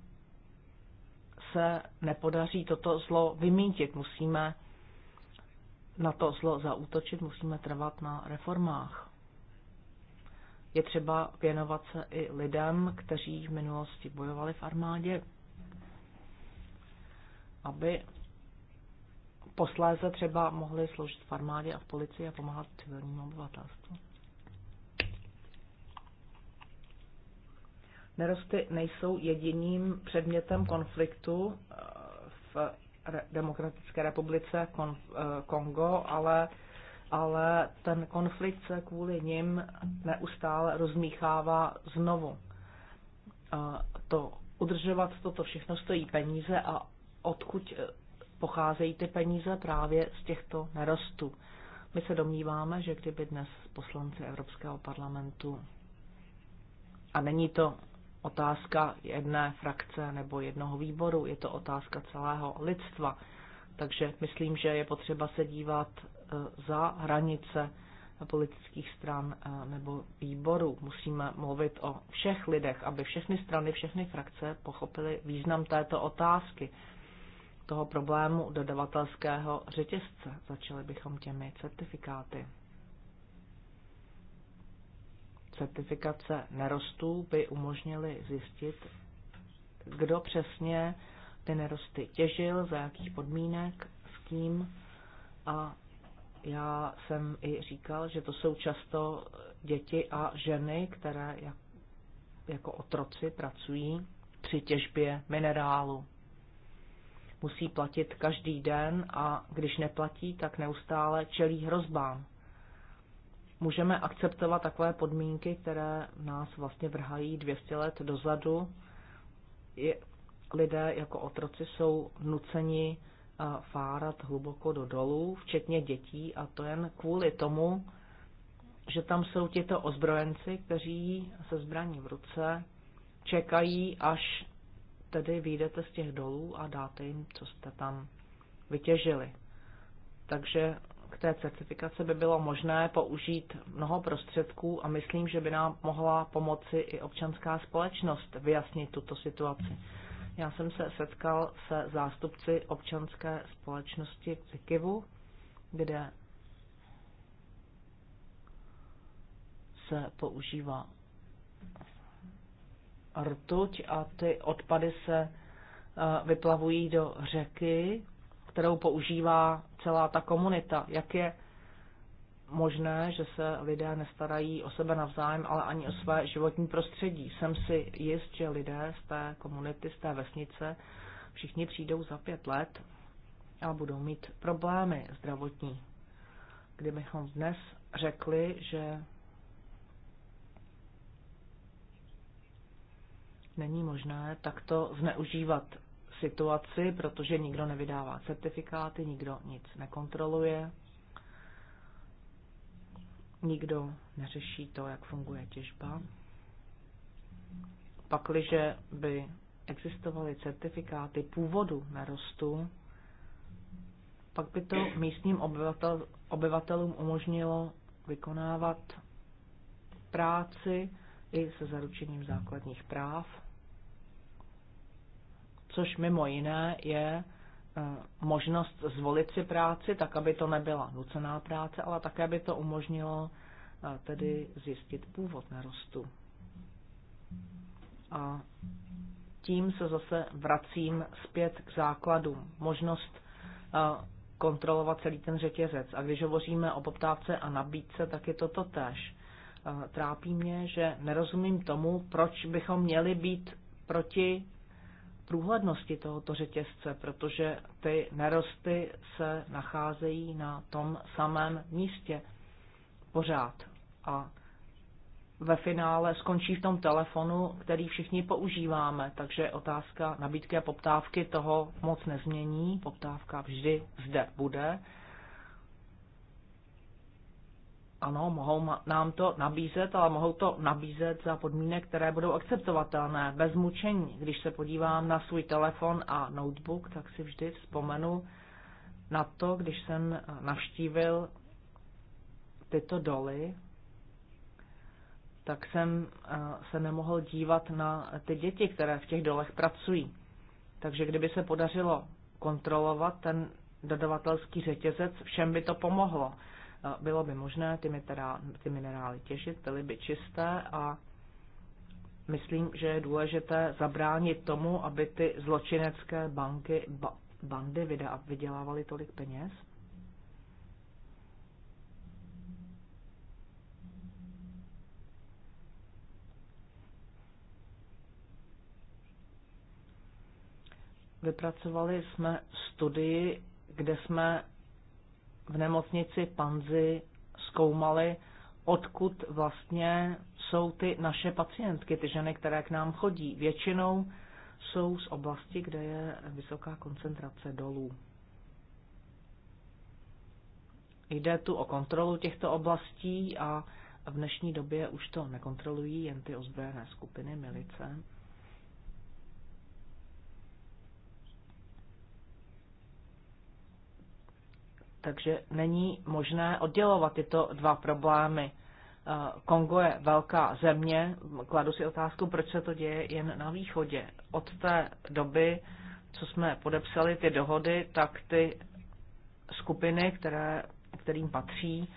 se nepodaří toto zlo vymítit. Musíme na to zlo zaútočit, musíme trvat na reformách. Je třeba věnovat se i lidem, kteří v minulosti bojovali v armádě, aby posléze třeba mohli sloužit v armádě a v policii a pomáhat civilnímu obyvatelstvu. Nerosty nejsou jediným předmětem konfliktu eh, v Demokratické republice eh, Kongo, ale, ale ten konflikt se kvůli nim neustále rozmíchává znovu. Eh, to udržovat toto všechno stojí peníze a odkud eh, pocházejí ty peníze právě z těchto nerostů. My se domníváme, že kdyby dnes poslanci Evropského parlamentu, a není to otázka jedné frakce nebo jednoho výboru, je to otázka celého lidstva. Takže myslím, že je potřeba se dívat e, za hranice politických stran e, nebo výborů. Musíme mluvit o všech lidech, aby všechny strany, všechny frakce pochopily význam této otázky, toho problému dodavatelského řetězce. Začali bychom těmi certifikáty certifikace nerostů by umožnily zjistit, kdo přesně ty nerosty těžil, za jakých podmínek, s kým. A já jsem i říkal, že to jsou často děti a ženy, které jako otroci pracují při těžbě minerálu. Musí platit každý den a když neplatí, tak neustále čelí hrozbám můžeme akceptovat takové podmínky, které nás vlastně vrhají 200 let dozadu. Je, lidé jako otroci jsou nuceni eh, fárat hluboko do dolů, včetně dětí, a to jen kvůli tomu, že tam jsou tito ozbrojenci, kteří se zbraní v ruce čekají, až tedy vyjdete z těch dolů a dáte jim, co jste tam vytěžili. Takže té certifikace by bylo možné použít mnoho prostředků a myslím, že by nám mohla pomoci i občanská společnost vyjasnit tuto situaci. Já jsem se setkal se zástupci občanské společnosti v Kivu, kde se používá rtuť a ty odpady se eh, vyplavují do řeky kterou používá celá ta komunita. Jak je možné, že se lidé nestarají o sebe navzájem, ale ani o své životní prostředí. Jsem si jist, že lidé z té komunity, z té vesnice, všichni přijdou za pět let a budou mít problémy zdravotní. Kdybychom dnes řekli, že není možné takto zneužívat situaci, protože nikdo nevydává certifikáty, nikdo nic nekontroluje, nikdo neřeší to, jak funguje těžba. Pakliže by existovaly certifikáty původu nerostu, pak by to místním obyvatel, obyvatelům umožnilo vykonávat práci i se zaručením základních práv což mimo jiné je e, možnost zvolit si práci, tak aby to nebyla nucená práce, ale také by to umožnilo e, tedy zjistit původ nerostu. A tím se zase vracím zpět k základům. Možnost e, kontrolovat celý ten řetězec. A když hovoříme o poptávce a nabídce, tak je to totéž. tež. Trápí mě, že nerozumím tomu, proč bychom měli být proti průhlednosti tohoto řetězce, protože ty nerosty se nacházejí na tom samém místě pořád. A ve finále skončí v tom telefonu, který všichni používáme, takže otázka nabídky a poptávky toho moc nezmění, poptávka vždy zde bude ano, mohou nám to nabízet, ale mohou to nabízet za podmínek, které budou akceptovatelné, bez mučení. Když se podívám na svůj telefon a notebook, tak si vždy vzpomenu na to, když jsem eh, navštívil tyto doly, tak jsem eh, se nemohl dívat na ty děti, které v těch dolech pracují. Takže kdyby se podařilo kontrolovat ten dodavatelský řetězec, všem by to pomohlo bylo by možné ty, minerály, ty minerály těžit, byly by čisté a myslím, že je důležité zabránit tomu, aby ty zločinecké banky, ba, bandy vydělávaly tolik peněz. Vypracovali jsme studii, kde jsme v nemocnici Panzi zkoumali, odkud vlastně jsou ty naše pacientky, ty ženy, které k nám chodí. Většinou jsou z oblasti, kde je vysoká koncentrace dolů. Jde tu o kontrolu těchto oblastí a v dnešní době už to nekontrolují jen ty ozbrojené skupiny milice, Takže není možné oddělovat tyto dva problémy. Eh, Kongo je velká země, kladu si otázku, proč se to děje jen na východě. Od té doby, co jsme podepsali ty dohody, tak ty skupiny, které, kterým patří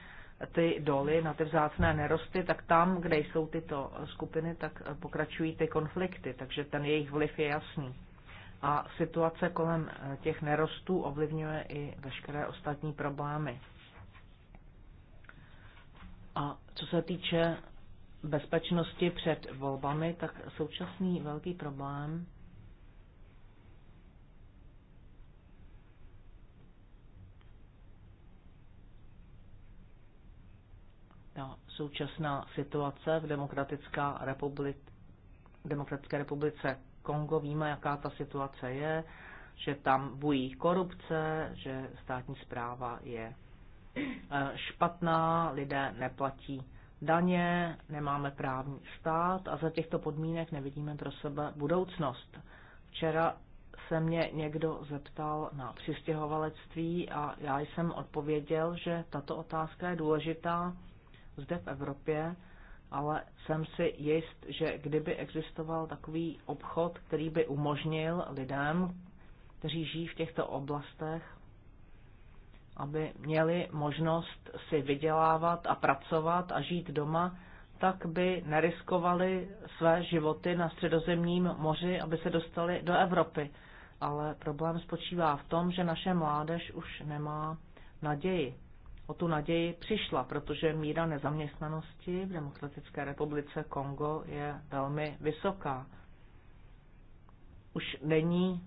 ty doly na ty vzácné nerosty, tak tam, kde jsou tyto skupiny, tak pokračují ty konflikty, takže ten jejich vliv je jasný a situace kolem eh, těch nerostů ovlivňuje i veškeré ostatní problémy. A co se týče bezpečnosti před volbami, tak současný velký problém ta současná situace v Demokratická republi- Demokratické republice Kongo víme, jaká ta situace je, že tam bují korupce, že státní zpráva je e, špatná, lidé neplatí daně, nemáme právní stát a za těchto podmínek nevidíme pro sebe budoucnost. Včera se mě někdo zeptal na přistěhovalectví a já jsem odpověděl, že tato otázka je důležitá zde v Evropě, ale jsem si jist, že kdyby existoval takový obchod, který by umožnil lidem, kteří žijí v těchto oblastech, aby měli možnost si vydělávat a pracovat a žít doma, tak by neriskovali své životy na středozemním moři, aby se dostali do Evropy. Ale problém spočívá v tom, že naše mládež už nemá naději o tu naději přišla, protože míra nezaměstnanosti v Demokratické republice Kongo je velmi vysoká. Už není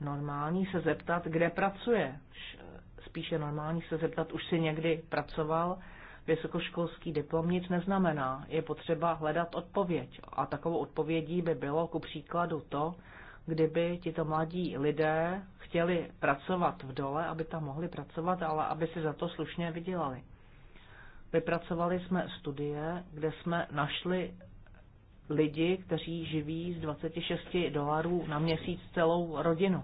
normální se zeptat, kde pracuje. Eh, spíše normální se zeptat, už si někdy pracoval. Vysokoškolský diplom nic neznamená. Je potřeba hledat odpověď. A takovou odpovědí by bylo ku příkladu to, kdyby tito mladí lidé chtěli pracovat v dole, aby tam mohli pracovat, ale aby si za to slušně vydělali. Vypracovali jsme studie, kde jsme našli lidi, kteří živí z 26 dolarů na měsíc celou rodinu.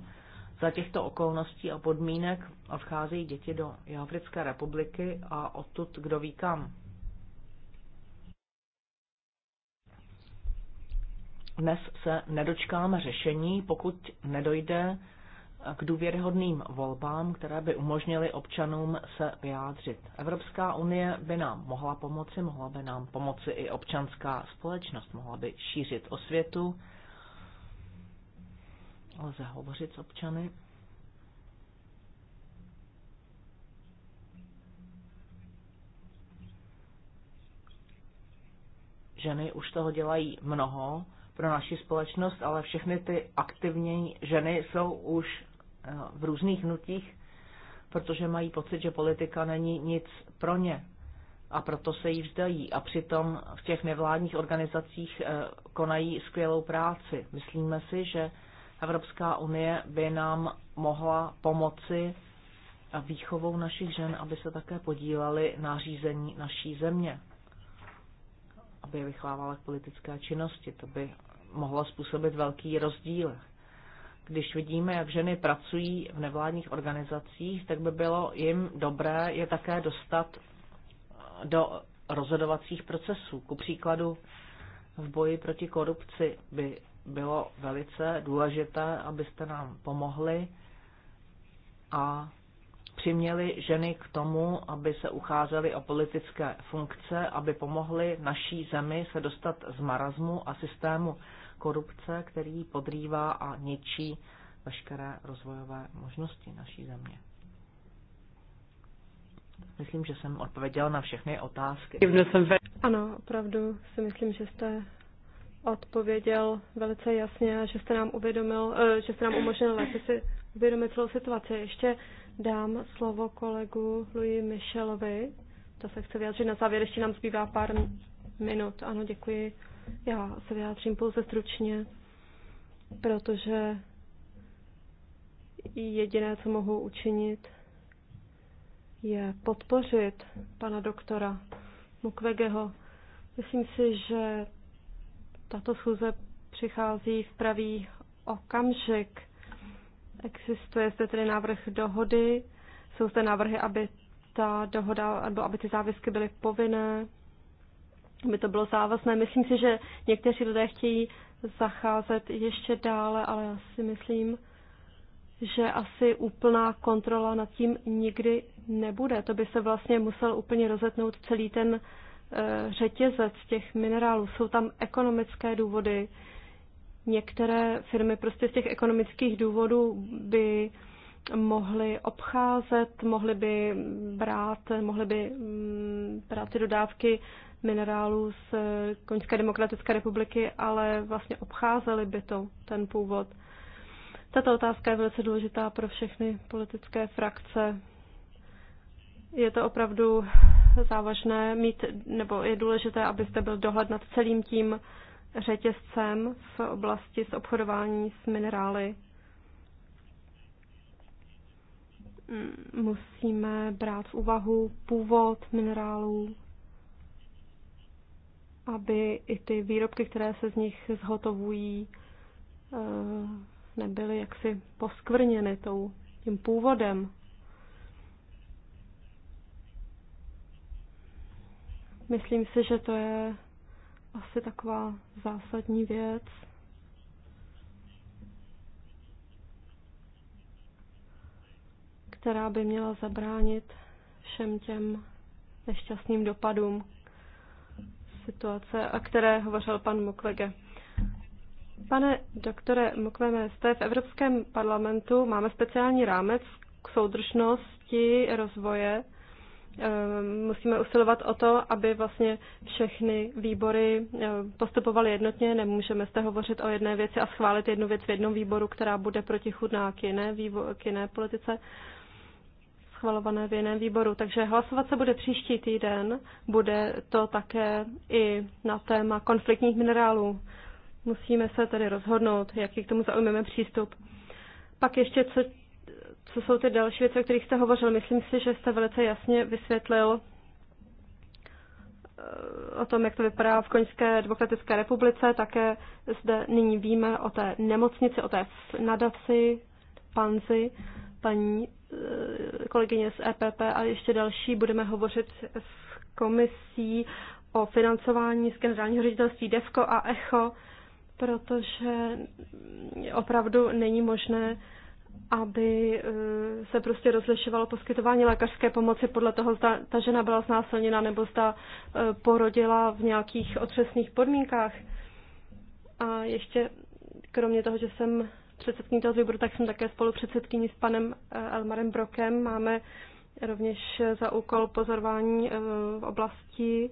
Za těchto okolností a podmínek odcházejí děti do Jihoafrické republiky a odtud kdo ví kam. Dnes se nedočkáme řešení, pokud nedojde k důvěryhodným volbám, které by umožnily občanům se vyjádřit. Evropská unie by nám mohla pomoci, mohla by nám pomoci i občanská společnost, mohla by šířit osvětu. Lze hovořit s občany. Ženy už toho dělají mnoho, pro naši společnost, ale všechny ty aktivní ženy jsou už eh, v různých nutích, protože mají pocit, že politika není nic pro ně a proto se jí vzdají. A přitom v těch nevládních organizacích eh, konají skvělou práci. Myslíme si, že Evropská unie by nám mohla pomoci výchovou našich žen, aby se také podílely na řízení naší země, aby je vychovávala k politické činnosti. To by mohlo způsobit velký rozdíl. Když vidíme, jak ženy pracují v nevládních organizacích, tak by bylo jim dobré je také dostat do rozhodovacích procesů. Ku příkladu v boji proti korupci by bylo velice důležité, abyste nám pomohli a přiměli ženy k tomu, aby se ucházely o politické funkce, aby pomohly naší zemi se dostat z marazmu a systému korupce, který podrývá a ničí veškeré rozvojové možnosti naší země. Myslím, že jsem odpověděla na všechny otázky. Ano, opravdu si myslím, že jste odpověděl velice jasně že jste nám uvědomil, eh, že jste nám umožnil lépe si uvědomit celou situaci. Ještě dám slovo kolegu Louis Michelovi. To se chce vyjádřit na závěr, ještě nám zbývá pár minut. Ano, děkuji. Já se vyjádřím pouze stručně, protože jediné, co mohu učinit, je podpořit pana doktora Mukwegeho. Myslím si, že tato schůze přichází v pravý okamžik. Existuje zde tedy návrh dohody, jsou zde návrhy, aby ta dohoda, nebo aby ty závisky byly povinné, aby to bylo závazné. Myslím si, že někteří lidé chtějí zacházet ještě dále, ale já si myslím, že asi úplná kontrola nad tím nikdy nebude. To by se vlastně musel úplně rozetnout celý ten eh, řetězec těch minerálů. Jsou tam ekonomické důvody, Některé firmy prostě z těch ekonomických důvodů by mohly obcházet, mohly by brát, mohly by mm, brát ty dodávky minerálů z Koňské demokratické republiky, ale vlastně obcházely by to, ten původ. Tato otázka je velice důležitá pro všechny politické frakce. Je to opravdu závažné mít, nebo je důležité, abyste byl dohled nad celým tím řetězcem v oblasti s obchodování s minerály. Mm, musíme brát v úvahu původ minerálů, aby i ty výrobky, které se z nich zhotovují, eh, nebyly jaksi poskvrněny tou, tím původem. Myslím si, že to je asi taková zásadní věc. která by měla zabránit všem těm nešťastným dopadům situace, a které hovořil pan Mukwege. Pane doktore Mukwege, jste v Evropském parlamentu, máme speciální rámec k soudržnosti rozvoje Ehm, musíme usilovat o to, aby vlastně všechny výbory ehm, postupovaly jednotně. Nemůžeme zde hovořit o jedné věci a schválit jednu věc v jednom výboru, která bude protichudná k jiné, vývo- k jiné politice schvalované v jiném výboru. Takže hlasovat se bude příští týden. Bude to také i na téma konfliktních minerálů. Musíme se tedy rozhodnout, jaký k tomu zaujmeme přístup. Pak ještě, co co jsou ty další věci, o kterých jste hovořil? Myslím si, že jste velice jasně vysvětlil eh, o tom, jak to vypadá v Koňské demokratické republice. Také zde nyní víme o té nemocnici, o té nadaci, panzi, paní eh, kolegyně z EPP a ještě další. Budeme hovořit s komisí o financování z generálního ředitelství DEVKO a ECHO, protože opravdu není možné aby eh, se prostě rozlišovalo poskytování lékařské pomoci podle toho, zda ta žena byla znásilněna nebo zda eh, porodila v nějakých otřesných podmínkách. A ještě kromě toho, že jsem předsedkyní toho výboru, tak jsem také spolu předsedkyní s panem eh, Elmarem Brokem. Máme rovněž za úkol pozorování v oblasti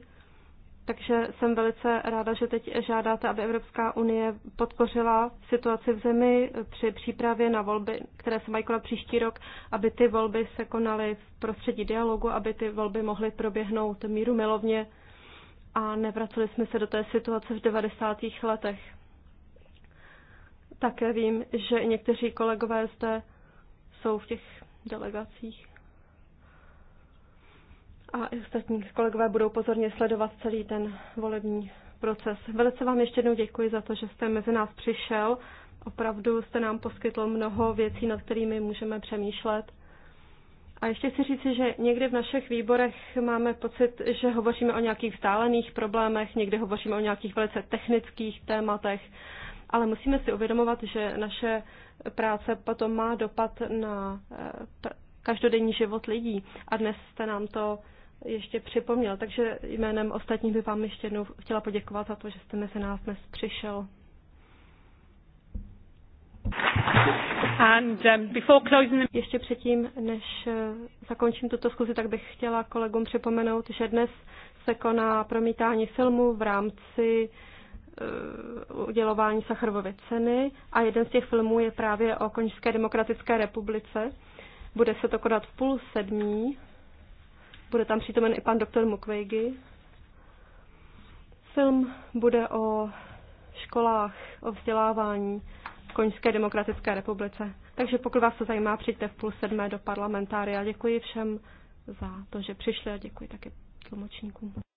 takže jsem velice ráda, že teď žádáte, aby Evropská unie podpořila situaci v zemi při přípravě na volby, které se mají konat příští rok, aby ty volby se konaly v prostředí dialogu, aby ty volby mohly proběhnout míru milovně a nevraceli jsme se do té situace v 90. letech. Také vím, že někteří kolegové zde jsou v těch delegacích a i ostatní kolegové budou pozorně sledovat celý ten volební proces. Velice vám ještě jednou děkuji za to, že jste mezi nás přišel. Opravdu jste nám poskytl mnoho věcí, nad kterými můžeme přemýšlet. A ještě chci říci, že někdy v našich výborech máme pocit, že hovoříme o nějakých vzdálených problémech, někdy hovoříme o nějakých velice technických tématech, ale musíme si uvědomovat, že naše práce potom má dopad na eh, každodenní život lidí. A dnes jste nám to ještě připomněl. Takže jménem ostatních bych vám ještě jednou chtěla poděkovat za to, že jste mezi nás dnes přišel. And, um, before closing the... Ještě předtím, než eh, zakončím tuto zkuzi, tak bych chtěla kolegům připomenout, že dnes se koná promítání filmu v rámci uh, udělování Sacharovovy ceny a jeden z těch filmů je právě o Konžské demokratické republice. Bude se to konat v půl sedmí bude tam přítomen i pan doktor Mukwege. Film bude o školách, o vzdělávání v Koňské demokratické republice. Takže pokud vás to zajímá, přijďte v půl sedmé do parlamentária. Děkuji všem za to, že přišli a děkuji také tlumočníkům.